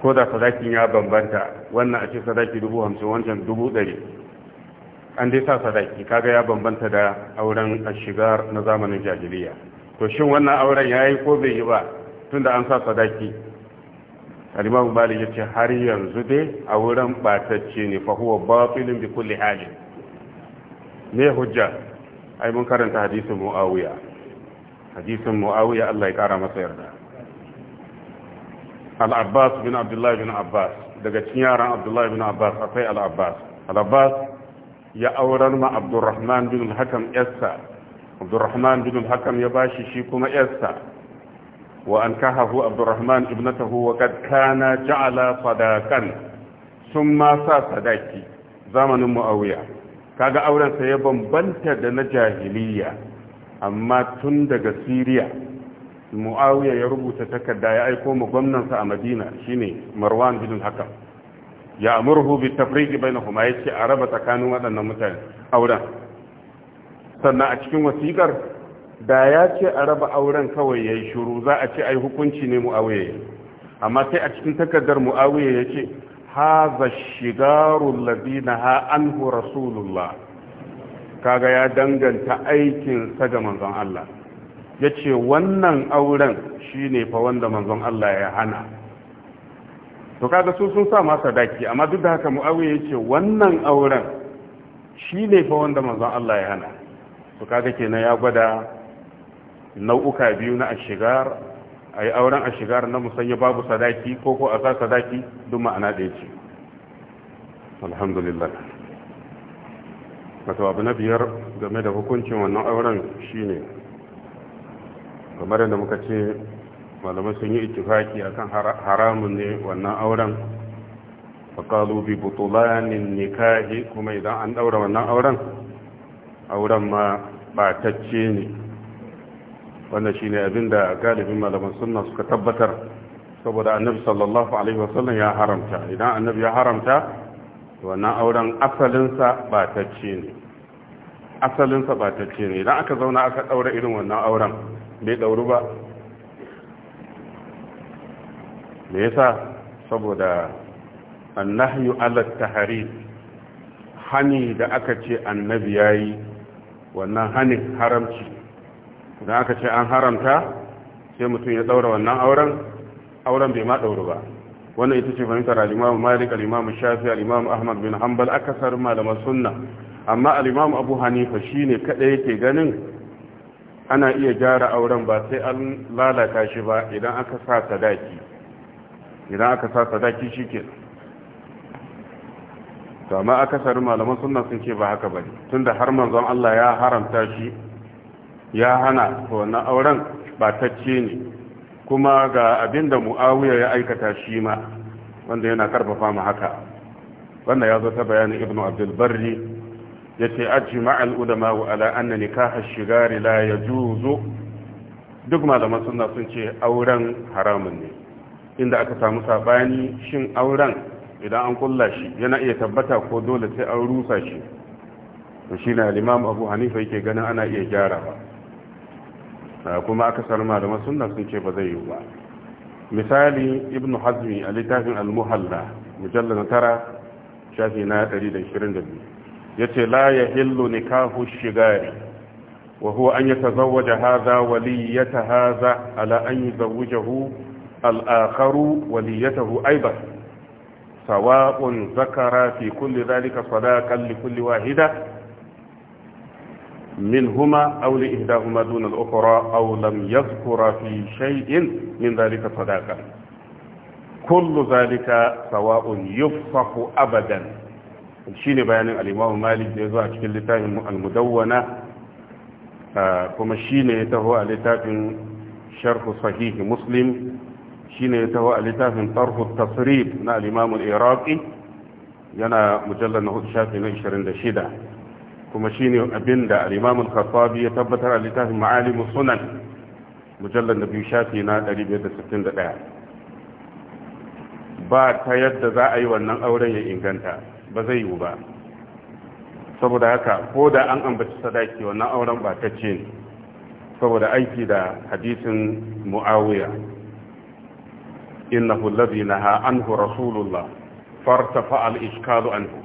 ko da sadakin ya bambanta wannan a ce sadaki dubu hamsin wancan dubu an dai sa sadaki kaga ya bambanta da auren shigar na zamanin jahiliya to shin wannan auren ya yi ko bai yi ba tunda an sa sadaki alimamu bali ya ce har yanzu dai a auren batacce ne fahuwa bafilin bi kulli halin ne hujja ai mun karanta hadisin muawiya hadisin muawiya Allah ya kara masa yarda al-abbas bin abdullahi bin abbas daga cikin yaran abdullahi bin abbas akwai al-abbas al-abbas ya auren ma abdurrahman bin al-hakam yarsa abdurrahman bin al-hakam ya bashi shi kuma yarsa wa an kahahu abdurrahman ibnatahu wa qad kana ja'ala sadaqan sun ma sa sadaki zamanin muawiya kaga auren sa ya bambanta da na jahiliya amma tun daga Siriya Muawiya ya rubuta takarda ya aiko mu gwamnansa a Madina shine Marwan bin Hakam ya amurhu bi tafriqi bainahuma yace a raba tsakanin waɗannan mutane auren sannan a cikin wasikar da ya ce a raba auren kawai yayi shiru za a ce ai hukunci ne Muawiya amma sai a cikin takardar Muawiya yace haza shigarun labina ha anhu rasulullah kaga ya danganta aikinsa ga manzon Allah ya ce wannan auren shine fa wanda manzon Allah ya hana to kaga su sun sa masa daki amma duk da haka mu'awiya ya ce wannan auren shine fa wanda manzon Allah ya hana to kaga kenan ya gwada nau'uka biyu na ashigar a yi auren a shigar na musanya babu sadaki ko ko a sa sadaki duk ma'ana ɗaya ce alhamdulillah wato abu na biyar game da hukuncin wannan auren shine kamar yadda muka ce malamai sun yi ittifaki akan haramun ne wannan auren a kalubi butulanin nikahi kuma idan an ɗaura wannan auren auren ma ɓatacce ne wannan shine abin da galibin malaman sunna suka tabbatar saboda annabi sallallahu alaihi wasallam ya haramta idan annabi ya haramta wannan auren asalinsa ba ta ce ne asalinsa ba ta ce ne idan aka zauna aka daura irin wannan auren bai dauru ba me yasa saboda annahyu ala tahrim hani da aka ce annabi yayi wannan hanin haramci da aka ce an haramta sai mutum ya daura wannan auren auren bai ma dauru ba wannan ita ce fahimtar al-Imam Malik al-Imam Shafi al-Imam Ahmad bin Hanbal akasar malaman sunna amma al-Imam Abu Hanifa shine kada yake ganin ana iya gyara auren ba sai an lalata shi ba idan aka sa sadaki idan aka sa sadaki shike to amma akasar malaman sunna sun ce ba haka bane tunda har manzon Allah ya haramta shi ya hana to wannan auren batacce ne kuma ga abin da mu'awiyar ya aikata shi ma wanda yana karfafa mu haka wannan ya zo ta bayanin ibn abdul barri ya ce ajma al ulama wa ala anna har shigari la juzo. duk malaman suna sun ce auren haramun ne inda aka samu sabani shin auren idan an kulla shi yana iya tabbata ko dole sai an rusa shi shi na limam abu hanifa yake ganin ana iya gyara ba. Ah, kuma aka sar malaman sunna sun ce ba zai yi ba misali ibnu hazmi a littafin al-muhalla mujallal tara shafi na 122 yace la yahillu nikahu shigari wa huwa an yatazawwaja haza waliyata haza ala an hu? Al'akaru akharu hu aidan sawa'un zakara fi kulli dhalika sadaqan li kulli wahida منهما أو لإهداهما دون الأخرى أو لم يذكر في شيء من ذلك صداقة كل ذلك سواء يفصح أبدا الشين بيان الإمام مالك يزوى في اللتاف المدونة آه، كما شين يتهوى لتاف شرح صحيح مسلم شين يتهوى لتاف طرح التصريب نا الإمام العراقي ينا مجلد na hudu نشر na kuma shine abin da al-imam ya tabbatar a littafin ma'alim sunan mujallar na biyu shafi na 561 ba ta yadda za a yi wannan auren ya inganta ba zai yiwu ba saboda haka ko da an ambaci sadaki wannan auren ba ta ce ne saboda aiki da hadisin mu'awiya innahu allazi naha anhu rasulullah fartafa al-ishkalu anhu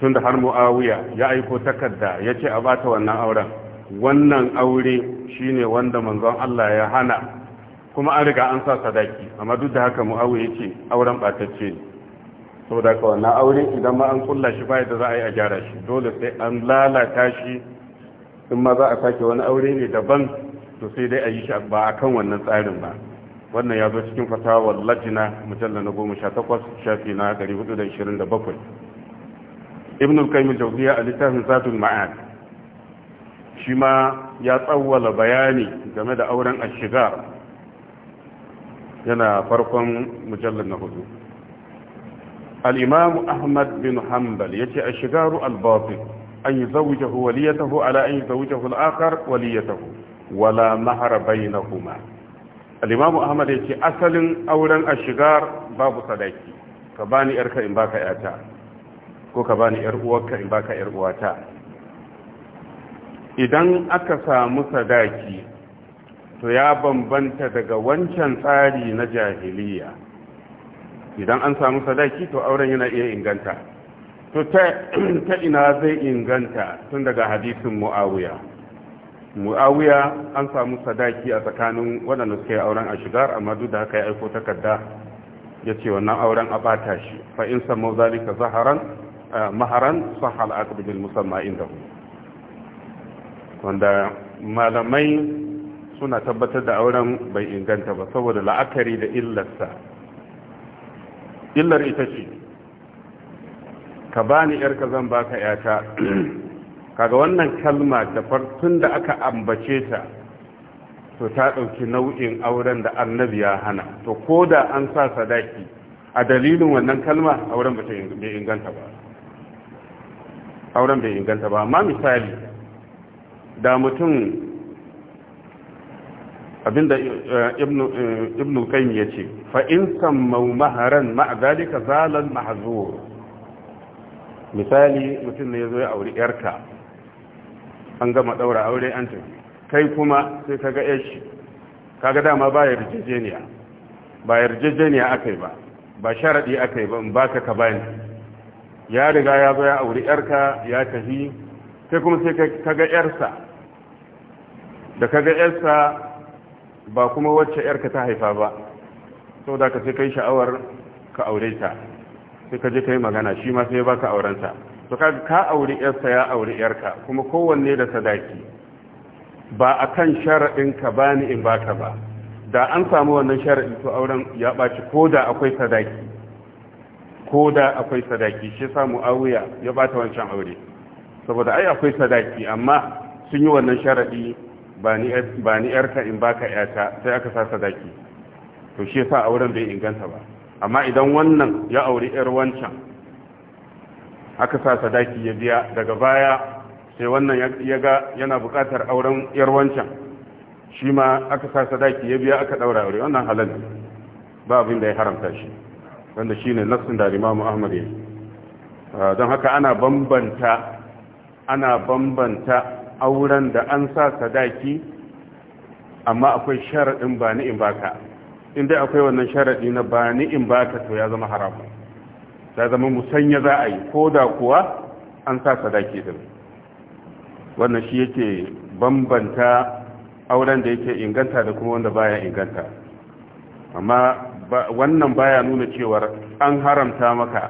tunda har mu'awiya ya aiko takarda ya ce a bata wannan auren wannan aure shine wanda manzon Allah ya hana kuma an riga an sa sadaki amma duk da haka mu'awiya ya ce auren batacce ne saboda ka wannan aure idan ma an kulla shi bai da za a yi a gyara shi dole sai an lalata shi in ma za a sake wani aure ne daban to sai dai a yi shi ba a kan wannan tsarin ba wannan ya zo cikin fatawar lajina mujallar na goma sha takwas shafi na hudu da da bakwai. ibn al-qayyim jawziya a littafin zatul ma'ad shi ma ya tsawwala bayani game da auren ashigar yana farkon mujallar na hudu al-imam ahmad bin hanbal yace ashigaru al-batil an yuzawwijahu waliyatahu ala an yuzawwijahu al-akhar waliyatahu wala mahara bainahuma al-imam ahmad yace asalin auren ashigar babu sadaki ka bani yarka in baka yata ko ka bani yar uwarka in baka yar uwata idan aka samu sadaki to ya bambanta daga wancan tsari na jahiliya idan an samu sadaki to auren yana iya inganta to ta ina zai inganta tun daga hadisin mu'awiya mu'awiya an samu sadaki a tsakanin waɗanda suka auren a shigar amma duk da haka ya aiko takarda ya ce wannan auren a bata shi fa in samu zalika zaharan maharan sahal al'aqd bil musamma indahu wanda malamai suna tabbatar da auren bai inganta ba saboda la'akari da illarsa illar ita ce ka bani yarka zan baka yata kaga wannan kalma da farkon da aka ambace ta to ta ɗauki nau'in auren da annabi ya hana to ko da an sa sadaki a dalilin wannan kalma auren bai inganta ba auren bai inganta ba amma misali da mutum abinda eh, eh, ibnu qayyim ya fa in sammau maharan ma zalika zalal mahzur misali mutum ne ya zo ya auri yarka an gama daura aure an tafi kai kuma sai kaga yar ka kaga dama ba yarjejeniya ba yarjejeniya aka yi ba ba aka yi ba in ka ka bani ya riga ya zo ya auri yarka ya tafi sai kuma sai ka ga yarsa da ka ga yarsa ba kuma wacce yarka ta haifa ba sau da ka sai kai sha'awar ka aure ta sai ka je ka yi magana shi ma sai ba ka aurenta to ka ka auri yarsa ya auri yarka kuma kowanne da sadaki ba a kan sharaɗin ka ba ni in baka ba da an samu wannan sharain to auren ya ɓaci ko da akwai sadaki ko da akwai sadaki shi sa muawiya ya ba ta wancan aure saboda ai akwai sadaki amma sun yi wannan sharadi ba ni yarka in baka yata sai aka sa sadaki to shi sa auren bai inganta ba amma idan wannan ya aure yar wancan aka sa sadaki ya biya daga baya sai wannan ya ga yana bukatar auren yar wancan shi ma aka sa sadaki ya biya aka daura aure wannan halal ba abin da ya haramta shi wanda ne nassin da limamu Ahmad ya ah, don haka ana bambanta ana bambanta auren da an sa sadaki amma akwai sharaɗin ba ni'in baka inda akwai wannan sharaɗi na ba ni'in baka to ya zama haramu ta zama musanya za a yi ko da kuwa an sa sadaki din wannan shi yake bambanta auren da yake inganta da kuma wanda baya inganta amma wannan baya nuna cewar an haramta maka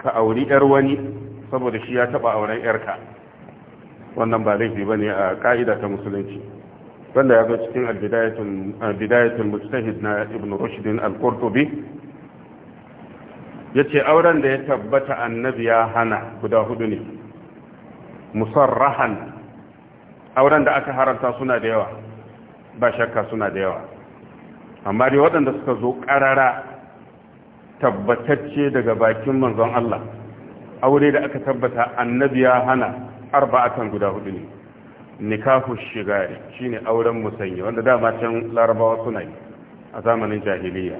ka auri yar wani saboda shi ya taba auren yarka wannan ba laifi bane a ƙa'ida ta musulunci wanda ya zo cikin bidayatul mujtahid na ibn rushd al-qurtubi yace auren da ya tabbata annabi ya hana guda hudu ne musarrahan auren da aka haramta suna da yawa ba shakka suna da yawa amma dai waɗanda suka zo ƙarara tabbatacce daga bakin manzon Allah aure da aka tabbata annabi ya hana arba'atan guda hudu ne nikahu shigari shine auren musanya wanda dama can larabawa suna yi a zamanin jahiliya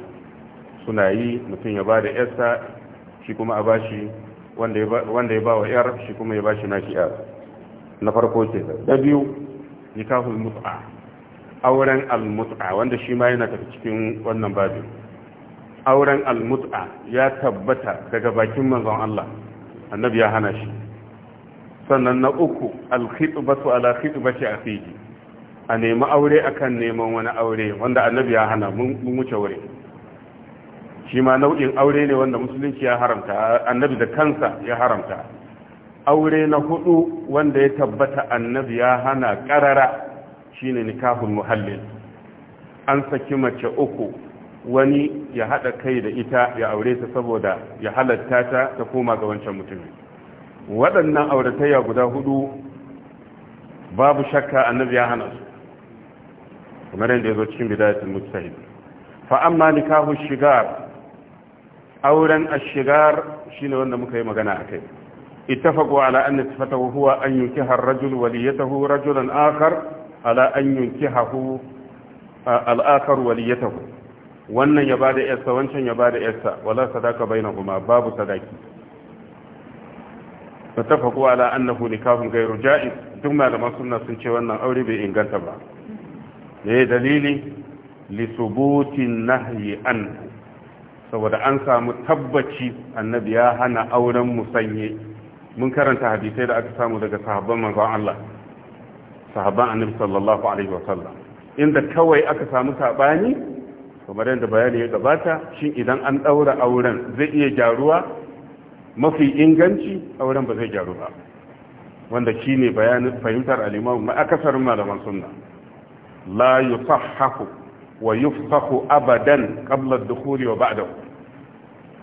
suna yi mutum ya ba da yarsa shi kuma a bashi wanda ya ba wa yar shi kuma ya bashi nashi yar na farko ce da biyu nikahul mut'a auren almut'a wanda shi ma yana tafi cikin wannan babin auren almut'a ya tabbata daga bakin manzon Allah annabi ya hana shi sannan na uku alkhitbatu ala khitbati akhihi a nemi aure akan neman wani aure wanda annabi ya hana mun wuce wuri shi ma nau'in aure ne wanda musulunci ya haramta annabi da kansa ya haramta aure na hudu wanda ya tabbata annabi ya hana karara shine nikahul muhallil an saki mace uku wani ya hada kai da ita ya aure ta saboda ya halatta ta ta koma ga wancan mutumin waɗannan auratayya guda hudu babu shakka annabi ya hana su kamar yadda ya zo cikin bidayatul mustahid fa amma nikahu shigar auren ashigar shine wanda muka yi magana akai ittafaqu ala anna sifatahu huwa an yunkiha ar-rajul waliyatahu rajulan ala an yunkihahu al'akar waliyatahu wannan ya da yarsa wancan ya da yarsa wala sadaka bainahuma babu sadaki fatafaqu ala annahu nikahun gairu. ja'iz duk malaman sunna sun ce wannan aure bai inganta ba ne dalili lisubutin subutin nahyi an saboda an samu tabbaci annabi ya hana auren musanye mun karanta hadisai da aka samu daga sahabban manzon Allah sahabban annabi sallallahu alaihi wasallam inda kawai aka samu sabani kamar yadda bayani ya gabata shin idan an daura auren zai iya jaruwa mafi inganci auren ba zai jaru ba wanda shine bayanin fahimtar al-imam akasar malaman sunna la yusahhahu wa yufsahu abadan qabla ad-dukhuli wa ba'dahu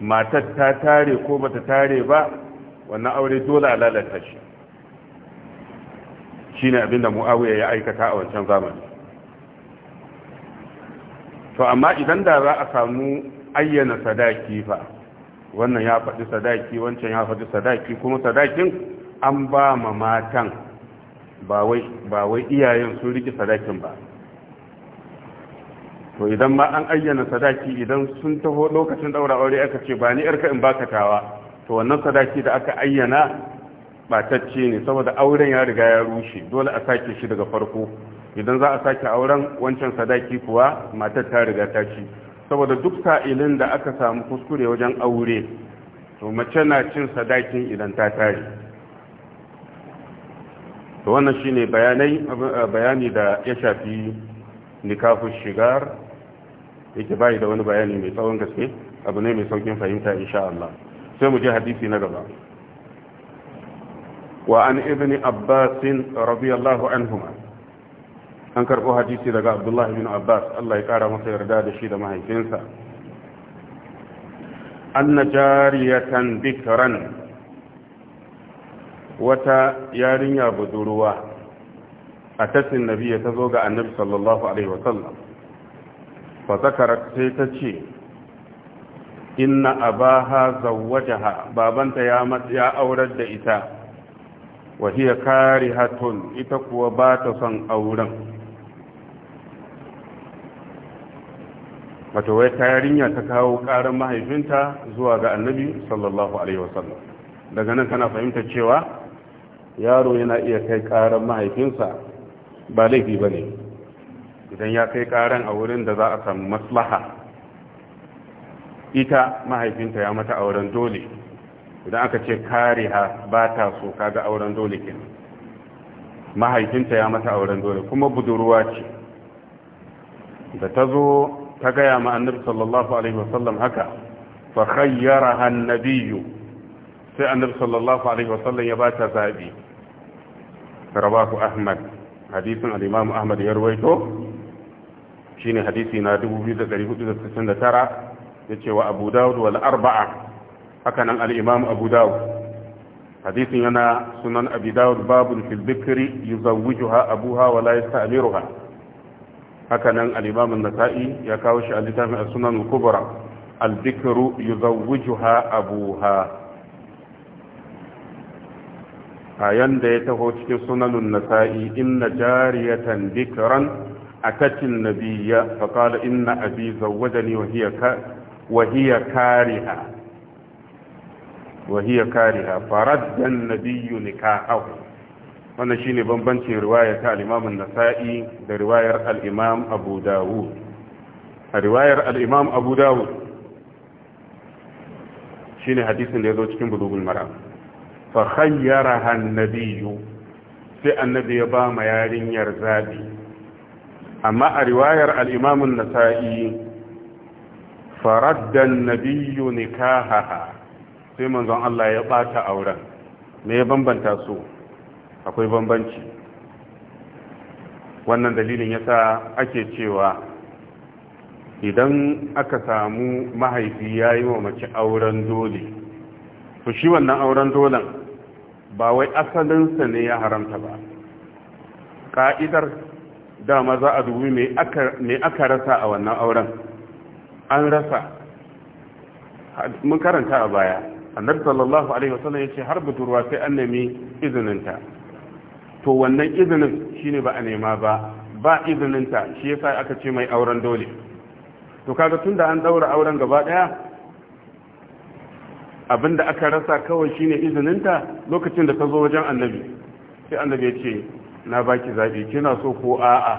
matar ta tare ko bata tare ba wannan aure dole a lalata shi shine abin da muawiya ya aikata a wancan zamani to amma idan da za a samu ayyana sadaki fa wannan ya faɗi sadaki wancan ya faɗi sadaki kuma sadakin an ba ma matan ba wai iyayen sun riƙe sadakin ba to idan ma an ayyana sadaki idan sun taho lokacin daura aure aka ce ba ni yarka in baka tawa to wannan sadaki da aka ayyana batacce ne saboda auren ya riga ya rushe dole a sake shi daga farko idan za a sake auren wancan sadaki kuwa matar ta riga ta ci saboda duk sa'ilin da aka samu kuskure wajen aure to mace na cin sadakin idan ta tare to wannan shine bayanai bayani da ya shafi nikahu shigar yake bai da wani bayani mai tsawon gaske abu ne mai saukin fahimta insha Allah sai mu je hadisi na gaba وعن ابن عباس رضي an karɓo hadisi daga abdullahi bin abbas allah ya ƙara masa yarda da shi da mahaifinsa an na jariyatan bikiran wata yarinya budurwa a tashin nabiya ta zo ga annabi sallallahu alaihi wasallam fa zakara sai ta ce inna abaha babanta ya aurar da ita wa hiya karihatun ita kuwa ba ta son auren wato wai tayarinya ta kawo karin mahaifinta zuwa ga annabi sallallahu alaihi wasallam daga nan kana fahimta cewa yaro yana iya kai karin mahaifinsa ba laifi ba ne idan ya kai karin a wurin da za a samu maslaha ita mahaifinta ya mata auren dole idan aka ce kariha ba ta so kaga auren dole ke mahaifinta ya mata auren dole kuma budurwa ce da ta zo ta gaya ma annabi sallallahu alaihi wasallam haka fa khayyaraha annabiyyu sai annabi sallallahu alaihi wasallam ya ba ta zaɓi rabaku ahmad hadisin al ahmad ya ruwaito ne hadisi na 2469 yace wa abu dawud wal arba'a haka nan al abu dawud hadisin yana sunan abu dawud babun fil bikri yuzawwijuha ha wa la yasta'miruha haka nan al-imam nasai ya kawo shi a littafin as-sunan al-kubra al-bikru yuzawwijuha abuha a yanda ya taho cikin sunanun nasa'i inna jariyatan bikran أتت النبي فقال إن أبي زوجني وهي ك... وهي كارهة wa hiya kariha faraddan nabiyyu nikahahu wannan shine bambancin riwaya ta al-Imam an-Nasa'i da riwayar al-Imam Abu Dawud a riwayar al-Imam Abu Dawud shine hadisin da yazo cikin bulugul maram fa khayyaraha an-nabiyyu sai annabi ya ba ma yarinyar zabi amma a riwayar al-Imam an-Nasa'i faradda an-nabiyyu nikahaha sai manzon Allah ya bata auren me ya bambanta su akwai bambanci wannan dalilin yasa ake cewa idan aka samu mahaifi ya yi wa mace auren dole to shi wannan auren dolen ba wai asalinsa ne ya haramta ba ka'idar dama za a dubi me aka rasa a wannan auren an rasa mun karanta a baya annabi sallallahu alaihi wasallam yace har budurwa sai an nemi izininta to wannan izinin shine ba a nema ba ba izininta shi yasa aka ce mai auren dole to kaga tunda an daura auren gaba daya abinda aka rasa kawai shine izininta lokacin da ta zo wajen annabi sai annabi ya ce na baki zabi kina so ko a'a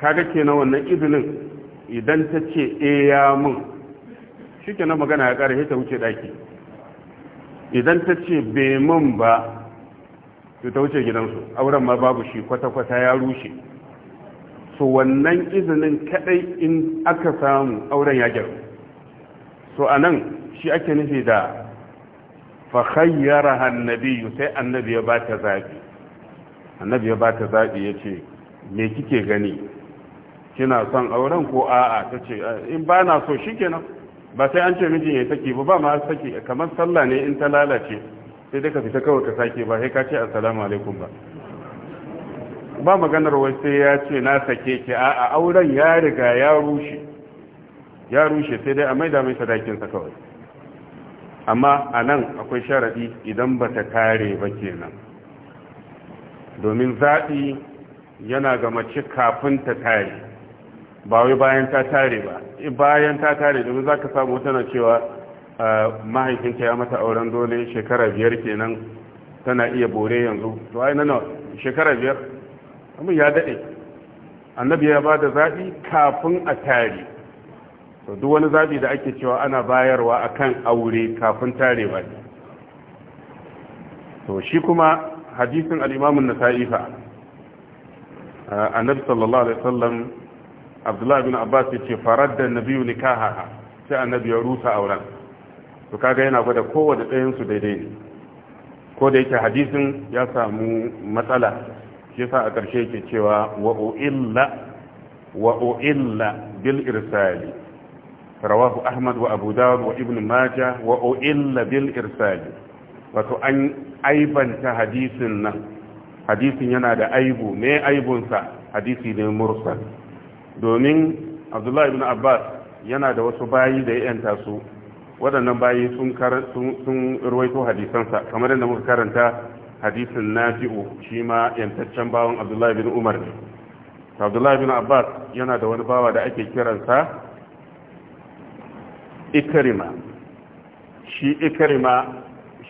kaga kenan wannan izinin idan ta ce eh ya mun shikenan magana ya kare ta wuce daki idan ta ce bai ba su ta wuce gidansu auren ma babu shi kwata-kwata ya rushe su wannan izinin kadai in aka samu auren ya gyaru su a nan shi ake nufi da fahayyara annabiyu sai annabi ya ba ta zaɓi annabi ya ba ta zaɓi ya ce me kike gani kina son auren ko a'a ta ce eh, in ba na so shi kenan ba sai an ce mijin ya saki ba ba ma saki kamar sallah ne in ta lalace sai dai ka fita kawai ka sake ba sai ka ce assalamu alaikum ba ba maganar wai sai ya ce na sake ki a auren ya riga ya rushe ya rushe sai dai a maida mai sadakin sa kawai amma a nan akwai sharadi idan ba ta kare ba kenan domin zaɓi yana ga mace kafin ta kare ba wai bayan ta tare ba bayan ta tare da za ka samu tana cewa ah, mahaifinta ya mata auren dole shekara biyar kenan tana iya bore yanzu to ai nan shekara biyar amma ya daɗe annabi ya ba da zaɓi kafin a tare to duk wani zabi da ake cewa ana bayarwa akan aure kafin tare ne to shi kuma hadisin an-nasa'i fa ah, annabi sallallahu alaihi wasallam abdullahi bin abbas yace ce farar da nabiyu nikaha sai annabi ya rusa auren to kaga yana gwada kowane ɗayan su daidai ne ko da yake hadisin ya samu matsala shi yasa a ƙarshe yake cewa wa illa wa illa bil irsali rawahu ahmad wa abu dawud wa ibn majah wa illa bil irsali wato an aibanta hadisin nan hadisin yana da aibu me aibunsa hadisi ne mursal domin abdullahi ibn abbas yana da wasu bayi da ya su waɗannan bayi sun ruwaito hadisansa kamar yadda muka karanta hadisin nafi'u shi ma yantaccen bawan abdullahi bin umar ne abdullahi bin abbas yana da wani bawa da ake kiransa ikirima shi ikirima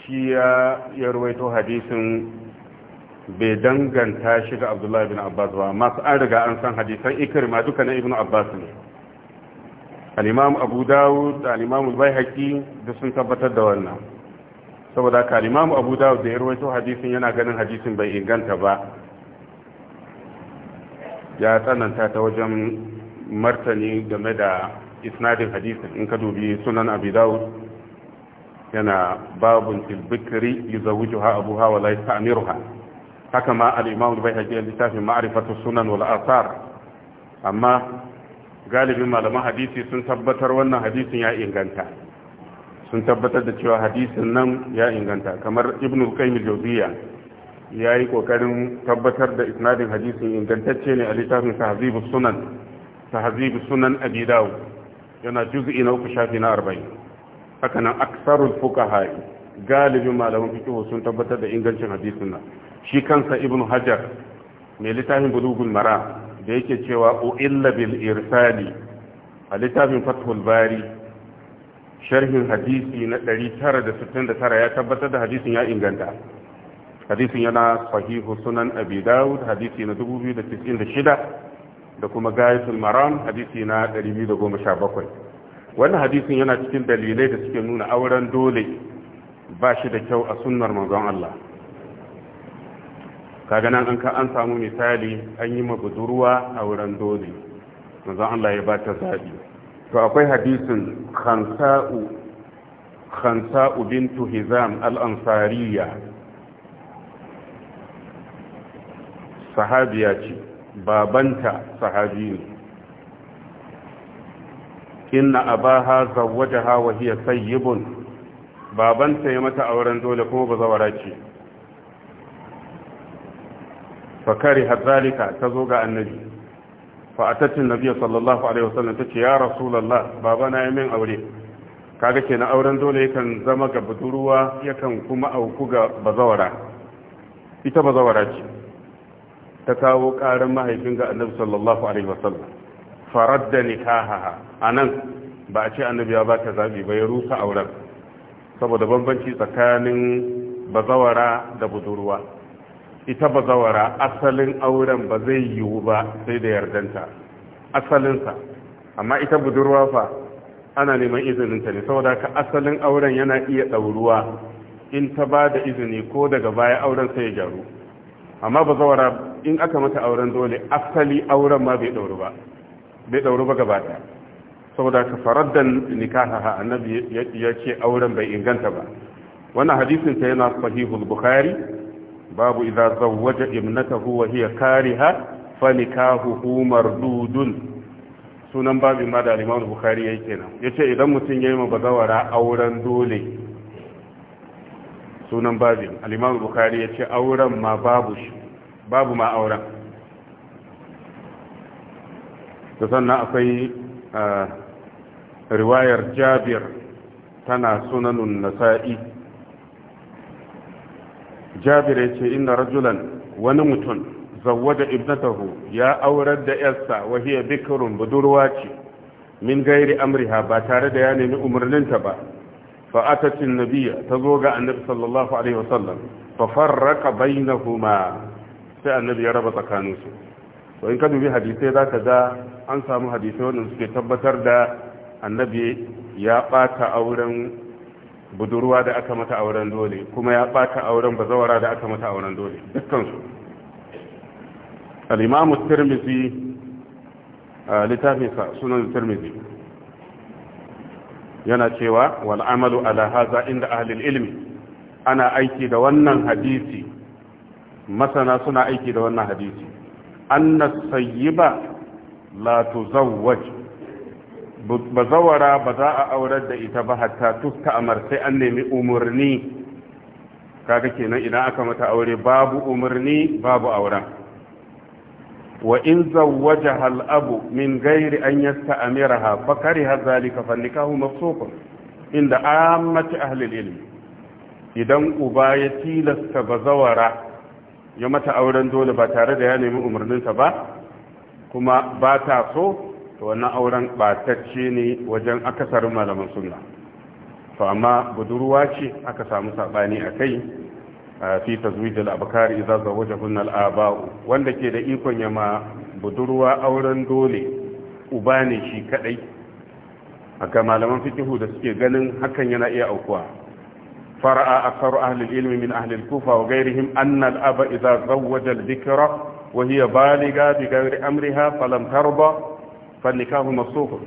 shi ya ruwaito hadisin bai danganta shi ga abdullahi bin abbas ba masu an riga an san hadisan ikirma duka na ibn abbas ne al'imam abu dawud da al'imam bai da sun tabbatar da wannan saboda ka al'imam abu dawud da ya rawaito hadisin yana ganin hadisin bai inganta ba ya tsananta ta wajen martani game da isnadin hadisin in ka dubi sunan abu dawud yana babun tilbikiri yi abu abuha wa laisa amiruha haka ma al-imam al-baihaqi a littafin ma'arifatu sunan wal amma galibin malaman hadisi sun tabbatar wannan hadisin ya inganta sun tabbatar da cewa hadisin nan ya inganta kamar ibn al-qayyim al-jawziyya yayi kokarin tabbatar da isnadin hadisin ingantacce ne a littafin tahzibus sunan tahzibus sunan abi dawud yana juz'i na uku shafi na arba'in haka nan aksarul fuqaha galibin malaman fiqh sun tabbatar da ingancin hadisin nan shi kansa ibnu hajar mai littafin bulugun mara da yake cewa illa bil irsali a littafin fathul bari sharhin hadisi na 969 ya tabbatar da hadisin ya inganta hadisin yana sahihu sunan abi dawud hadisi na 2096 da kuma gayatul maram hadisi na 217 wannan hadisin yana cikin dalilai da suke nuna auren dole ba shi da kyau a sunnar manzon Allah kaga nan an samu misali an yi budurwa a wurin dole manzo Allah ya bata zabi to akwai hadisin khansa'u khansa'u bintu hizam al-ansariya sahabiya ce babanta sahabi ne inna abaha zawwajaha wa hiya sayyibun babanta ya mata auren dole kuma bazawara ce fakari hadzalika ta zo ga annabi atatin nabiya sallallahu alaihi wasallam ta ce ya rasulullah baba na yi min aure kaga ke na auren dole yakan zama ga budurwa yakan kuma auku ga bazawara ita bazawara ce ta kawo ƙarin mahaifin ga annabi sallallahu alaihi wasallam farad da nikahaha Anan, nan ba a ce annabi ya ba zabi ba ya rusa auren saboda bambanci tsakanin bazawara da budurwa ita ba zawara asalin auren ba zai yiwu ba sai da yardanta asalinsa amma ita budurwa fa ana neman izininta ne saboda ka asalin auren yana iya ɗauruwa in ta ba da izini ko daga baya auren sai ya gyaru amma ba zawara in aka mata auren dole asali auren ma bai ɗauru ba bai ɗauru ba gaba ɗaya saboda ka faraddan nikaha annabi ya ce auren bai inganta ba wannan hadisin ta yana sahihul bukhari babu idza zawwaja ibnatahu wa hiya kariha fa nikahuhu mardudun sunan babu ma da Imam Bukhari yake kenan yace idan mutum yayi mabazawara auren dole sunan babin al-Imam Bukhari yace auren ma babu shi babu ma auren to sannan akwai ah, riwayar Jabir tana sunanun Nasa'i jabir ya ce inna rajulan wani mutum zawwada ibnatahu ya aurar da yarsa wa hiya bikrun budurwa ce min gairi amriha ba tare da ya nemi umarninta ba fa atat annabiyya zo ga annabi sallallahu alaihi wasallam fa farraqa bainahuma sai annabi ya raba tsakaninsu to in ka dubi hadisai ka ga an samu hadisai wanda suke tabbatar da annabi ya bata auren budurwa da aka mata auren dole kuma ya bata auren bazawara da aka mata auren dole dukkansu al-imamu tirmidhi littafinsa sunan tirmidhi yana cewa wal amalu ala hadha inda ahli ilmi ana aiki da wannan hadisi masana suna aiki da wannan hadisi anna sayyiba la tuzawwaj bazawara ba za a aurar da ita ba hatta tusta amar sai an nemi umarni kaga kenan idan aka mata aure babu umarni babu auren wa in zawwaja hal abu min gairi an yasta'miraha fa kariha zalika fa nikahu mafsukun inda ammati ahli ilmi idan uba ya tilasta bazawara ya mata auren dole ba tare da ya nemi umarninta ba kuma ba ta so to wannan auren ɓatacce ne wajen akasarin malaman sunna to amma budurwa ce aka samu saɓani a kai fi tazwijil abkari idza waje al-aba'u wanda ke da ikon yama budurwa auren dole uba ne shi kadai haka malaman fikihu da suke ganin hakan yana iya aukuwa fara'a aksaru ahlul ilmi min ahlil kufa wa ghairihim anna aba idza zawaja al-dhikra wa hiya baliga bi ghairi amriha falam fannikahu masufu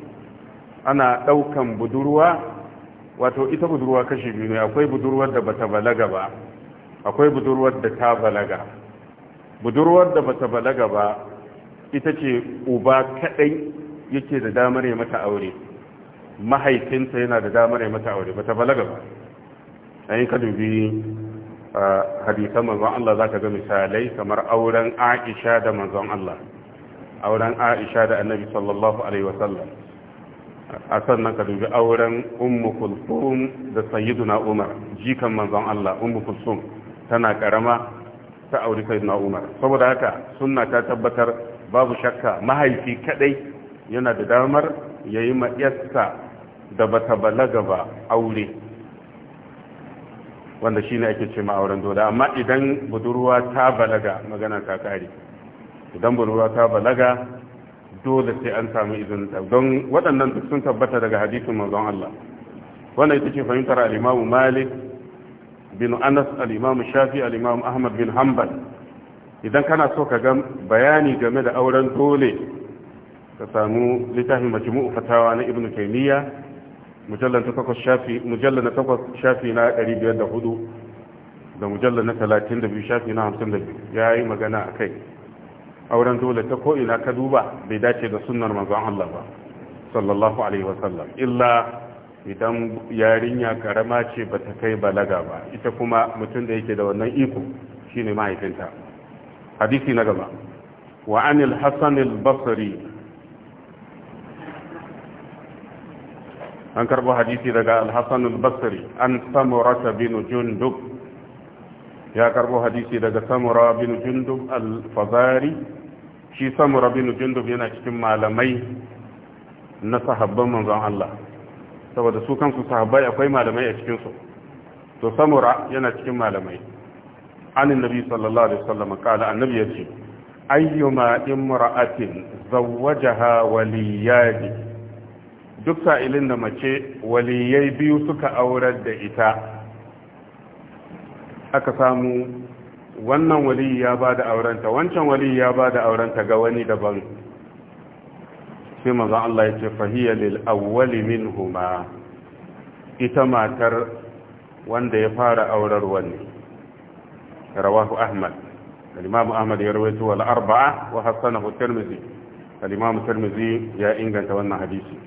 ana ɗaukan budurwa wato ita budurwa kashi biyu ne akwai budurwar da bata balaga ba akwai budurwar da ta balaga budurwar da bata balaga ba ita ce uba kadai yake da damar ya mata aure mahaifinta yana da damar ya mata aure bata balaga ba ayin ka dubi hadisan manzon Allah zaka ga misalai kamar auren Aisha da manzon Allah auren aisha da annabi sallallahu alaihi wasallam a sannan ka dubi auren ummu kulsum da sayyiduna umar jikan manzon Allah ummu kulsum tana karama ta auri sayyiduna umar saboda haka sunna ta tabbatar babu shakka mahaifi kadai yana da damar yayi ma da bata balaga ba aure wanda shine ake ce ma auren dole amma idan budurwa ta balaga magana ta kare idan budurwa ta balaga dole sai an samu izin ta don waɗannan duk sun tabbata daga hadisin manzon Allah wannan ita ce fahimtar al-Imam Malik bin Anas al-Imam Shafi al-Imam Ahmad bin Hanbal idan kana so ka ga bayani game da auren dole ka samu littafin majmu'u fatawa na Ibn Taymiyyah mujallad na takwas shafi mujallad na takwas shafi na 504 da mujallad na 32 shafi na 52 yayi magana akai auren dole ta ko'ina ka duba bai dace da sunnar manzon Allah ba sallallahu alaihi wasallam illa idan yarinya karama ce ba ta kai balaga ba ita kuma mutum da yake da wannan iko shine mahaifinta hadisi na gaba wa anil hassan al-basri an karbo hadisi daga al hassan al-basri an samura binu jundub ya karbo hadisi daga samura bin jundub al-fazari shi samu rabinu jundub yana cikin malamai na sahabban manzon Allah saboda su kansu sahabbai akwai malamai a cikinsu to samura yana cikin malamai anin nabi sallallahu alaihi wasallam kala annabi ya ce ayyuma imra'atin zawwajaha waliyadi duk sa'ilin da mace waliyai biyu suka aurar da ita aka samu wannan wali ya ba da aurenta wancan wali ya ba da aurenta ga wani daban sai maza Allah ya ce fahiyya lil awwali minhuma ita matar wanda ya fara aurar wani rawahu ahmad al-imam ahmad ya rawaito wal arba'a wa hasanahu tirmidhi al-imam tirmidhi ya inganta wannan hadisi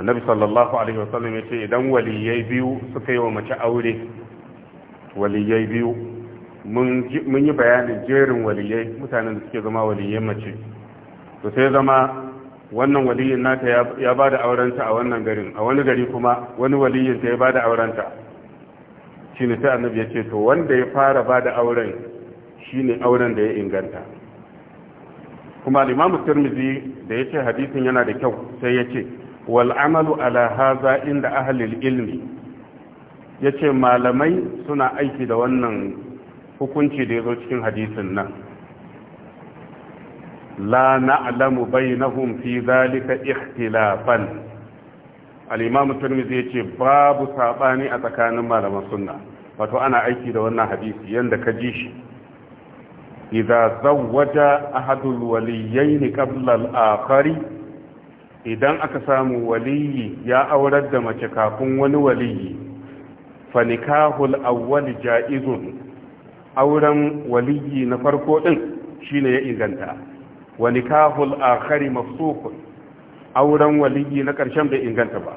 annabi sallallahu alaihi wa sallam ya ce idan waliyai biyu suka yi wa mace aure waliyai biyu mun yi bayanin jerin waliyai mutanen da suke zama waliyai mace to sai zama wannan waliyin nata ya ba da aurenta a wannan garin a wani gari kuma wani waliyin ta ya ba da aurenta shi ne sai annabi ya ce to wanda ya fara ba da auren shi ne auren da ya inganta kuma limamu turmizi da ya ce hadisin yana da kyau sai ya ce wal'amalu ala haza inda ahalil ilmi ya ce malamai suna aiki da wannan hukunci da ya zo cikin hadisin nan la na'lamu bainahum fi zalika ikhtilafan al-imam turmizi yace babu sabani a tsakanin malaman sunna wato ana aiki da wannan hadisi yanda ka ji shi idza zawwaja ahadul waliyyin qabla al-akhari idan aka samu waliyi ya aurar da mace kafin wani waliyi fa nikahul awwal ja'izun auren waliyi na farko din shine ya inganta wa nikahul akhari mafsukun auren waliyi na ƙarshen bai inganta ba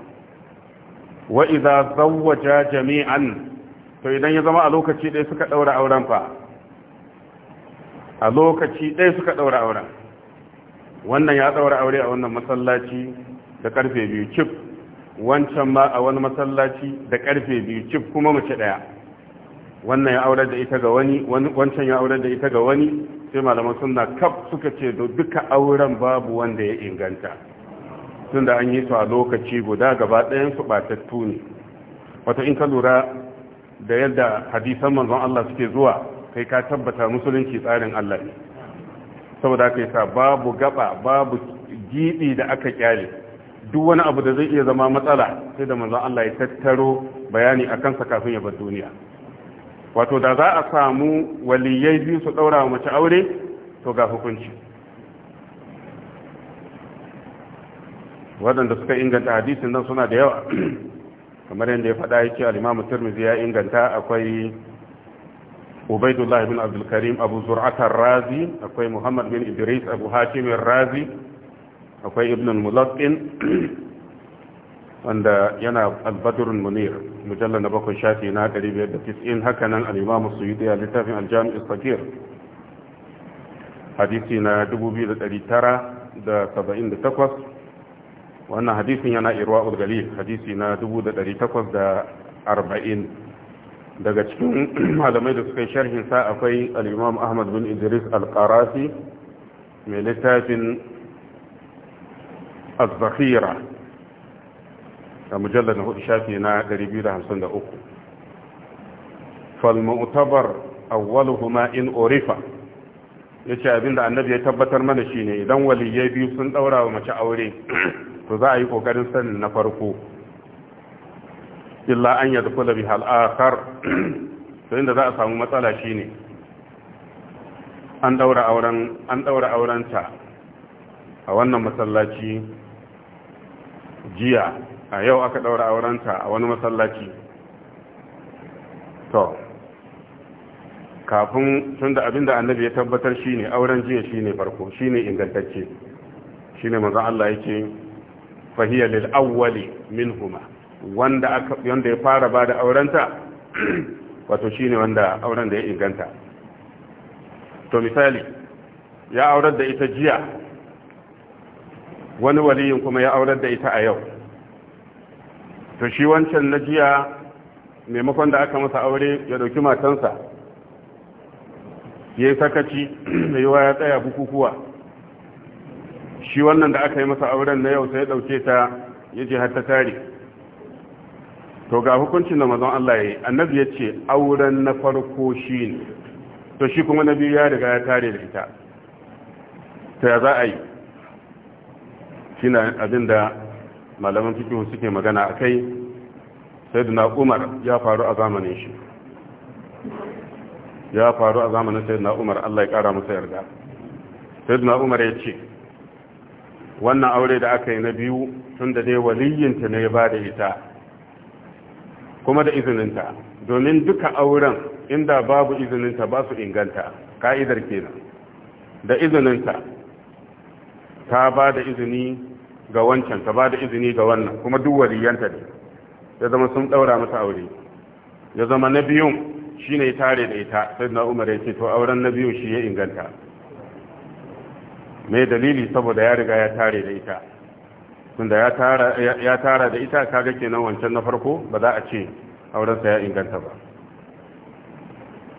wa idza zawwaja jami'an to idan ya zama a lokaci ɗaya suka ɗaura auren fa a lokaci dai suka daura auren wannan ya daura aure a wannan masallaci da ƙarfe biyu chip wancan ma a wani masallaci da ƙarfe biyu chip kuma mace ɗaya wannan ya aurar da ita ga wani wancan ya aurar da ita ga wani sai malaman sunna kaf suka ce duka auren babu wanda ya inganta tunda an yi su a lokaci guda gaba ɗayan su batattu ne wato in ka lura da yadda hadisan manzon Allah suke zuwa kai ka tabbata musulunci tsarin Allah ne saboda kai sa babu gaba babu gidi da aka kyale duk wani abu da zai iya zama matsala sai da manzon Allah ya tattaro bayani akan sa kafin ya bar duniya wato da za a samu waliyai biyu su ɗaura wa mace aure to ga hukunci waɗanda suka inganta hadisin nan suna da yawa kamar yadda ya faɗa yake al'imamu turmizi ya inganta akwai ubaidullah bin abdulkarim abu zur'atar razi akwai muhammad bin idris abu hakimin razi akwai ibn mulaƙin wanda yana albadrul munir mujallal na bakwai shafi na 590 haka nan al-imam suyuti a littafin al-jami' al-fakir hadisi na 2978 wannan hadisin yana irwa'ul galil hadisi na 1840 daga cikin malamai da suka yi sharhin sa akwai al-imam ahmad bin idris al-qarafi mai littafin az-zakhira a mujallar na hudu shafi na 253 falmu'tabar awwaluhuma in orifa ya ce abinda annabi ya tabbatar mana shine idan waliyai biyu sun ɗaura wa mace aure to za a yi kokarin sanin na farko illa an yadda kula bi hal'akar to inda za a samu matsala shine an ɗaura aurenta a wannan masallaci jiya a yau aka daura aurenta a wani masallaci to kafin tun da abinda annabi ya tabbatar shi ne auren jiya shi ne farko shi ne ingantacce shi ne maza Allah yake fahiya lil awwali min wanda wanda ya fara bada aurenta wato shi ne wanda auren da ya inganta to misali ya aurar da ita jiya wani waliyin kuma ya aurar da ita a yau to shi wancan na jiya maimakon da aka masa aure ya dauki matansa ya yi sakaci mai yiwa ya tsaya bukukuwa shi wannan da aka yi masa auren na yau sai ya dauke ta ya je har ta tare to ga hukuncin da mazan Allah ya yi annabi ya ce auren na farko shi ne to shi kuma na biyu ya riga ya tare da ita ta ya za a yi shi na abin da malaman fikihu suke magana a kai sayyidina umar ya faru a zamanin shi ya faru a zamanin sayyidina umar Allah ya kara masa yarda sayyidina umar ya ce wannan aure da aka yi na biyu tun da dai waliyinta ne ya ba da ita kuma da izininta domin duka auren inda babu izininta ba su inganta ka'idar kenan da izininta ta ba da izini ga wancan ta ba da izini ga wannan kuma duk waliyanta ne ya zama sun daura mata aure ya zama na biyun shi ne tare da ita sai na umar ya ce to auren na biyun shi ya inganta mai dalili saboda ya riga ya tare da ita tunda ya tara da ita kaga kenan wancan na farko ba za a ce aurensa ya inganta ba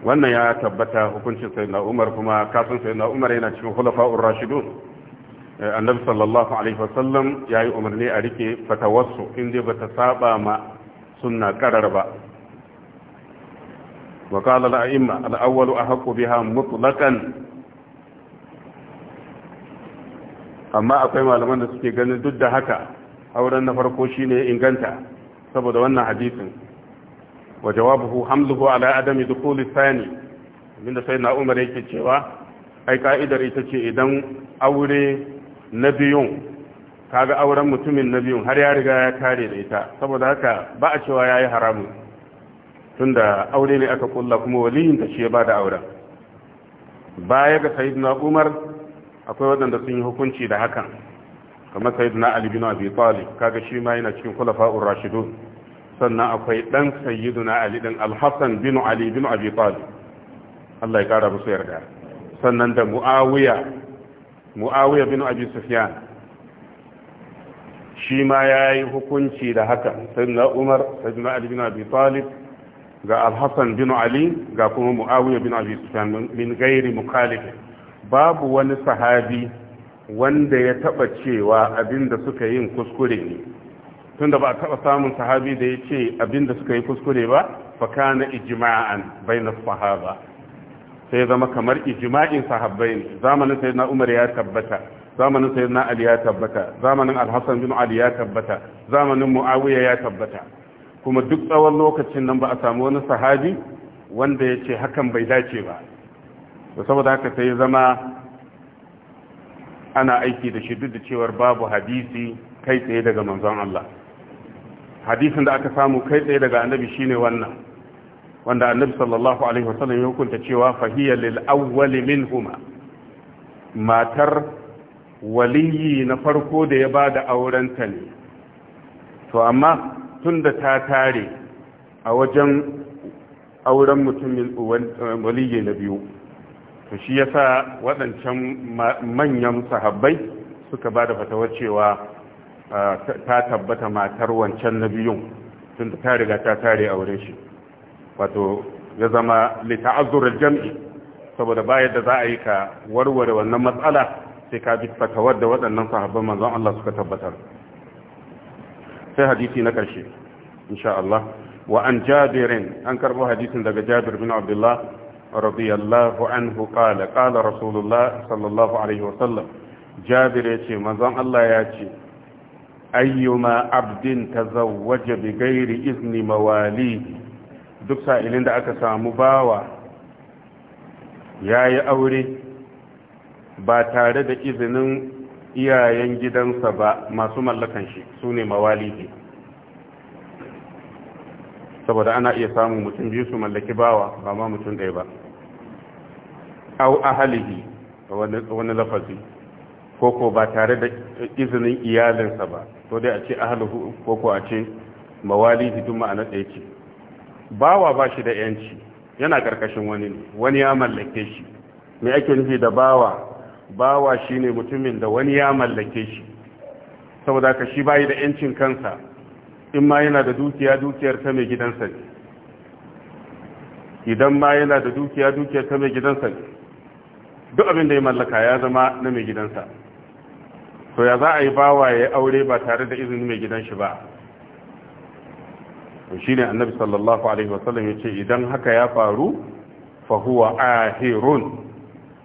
wannan ya tabbata hukuncin sai na umar kuma kafin sai na umar yana cikin hulafa'ur rashidun Eh, annabi sallallahu alaihi wasallam ya yi umarni a rike fatawarsu inda ba ta saba ma suna karar ba wa kala la'imma al'awwalu a haƙo biha mutlaƙan amma akwai malaman da suke ganin duk da haka auren na farko shine inganta saboda wannan hadisin wa jawabuhu hamluhu ala adami dukuli sani abinda sai na umar yake cewa ai ka'idar ita ce idan aure na biyun kaga auren mutumin na biyun har ya riga ya kare da ita saboda haka ba a cewa ya yi haramun tunda aure ne aka kulla kuma waliyin ta shi ya ba da auren baya ga na umar akwai waɗanda sun yi hukunci da hakan kamar sayidina ali bin na abitali kaga shi ma yana cikin fa'ur Rashidu sannan akwai ɗan sayyiduna na alidin alhassan bin ali bin Allah ya kara musu yarda sannan da muawiya muawiya bin abi sufyan shi ma yayi hukunci da haka sai na umar na ali bin abi talib ga al-hasan bin ali ga kuma muawiya bin abi sufyan min gairi mukhalif babu wani sahabi wanda ya taba cewa abinda suka yin kuskure ne tunda ba a taba samun sahabi da ya ce abinda suka yi kuskure ba fa kana ijma'an bainas sahaba sai zama kamar ijma'in sahabbai ne zamanin na Umar ya tabbata zamanin na Ali ya tabbata zamanin alhassan hasan bin Ali ya tabbata zamanin Muawiya ya tabbata kuma duk tsawon lokacin nan ba a samu wani sahabi wanda ya ce hakan bai dace ba saboda haka sai zama ana aiki da shi duk da cewar babu hadisi kai tsaye daga manzon Allah hadisin da aka samu kai tsaye daga annabi shine wannan wanda annabi sallallahu alaihi wasallam ya hukunta cewa fahiya lil min minhuma matar waliyi na farko da ya bada aurenta ne to amma tunda ta tare a wajen auren mutumin waliyi na biyu to shi yasa waɗancan manyan sahabbai suka bada fatawa cewa ah, ta tabbata matar wancan na biyun tunda ta riga ta tare a wurin shi wato ya zama lita'azzurul jam'i saboda bayan da za a yi ka warware wannan matsala sai ka bi fatawar da waɗannan sahabban manzon Allah suka tabbatar sai hadisi na ƙarshe insha Allah wa an jabirin an hadisin daga Jabir bin Abdullah radiyallahu anhu qala qala rasulullah sallallahu alaihi wa sallam Jabir yace manzon Allah ya ce ayyuma abdin tazawwaja bi ghairi izni mawalihi duk sa'ilin da aka samu bawa ya yi aure ba tare da izinin iyayen gidansa ba masu mallakan shi su ne mawalidi saboda ana iya samun mutum biyu su mallaki bawa ba ma mutum ɗaya ba au ahalihi wani lafazi koko ba tare da izinin iyalinsa ba ko dai a ce ahalihu koko a ce mawalidi duk ma'anar ɗaya ce bawa ba shi da yanci yana karkashin wani ne wani ya mallake shi me ake nufi da bawa bawa shine mutumin da wani ya mallake shi saboda ka shi bayi da yancin kansa in ma yana da dukiya dukiyar ta mai gidansa ne idan ma yana da dukiya dukiyar ta mai gidansa ne duk abin da ya mallaka ya zama na mai gidansa to ya za a yi bawa ya aure ba tare da izinin mai gidan shi ba ne annabi sallallahu alaihi wasallam yace idan haka ya faru fa huwa ahirun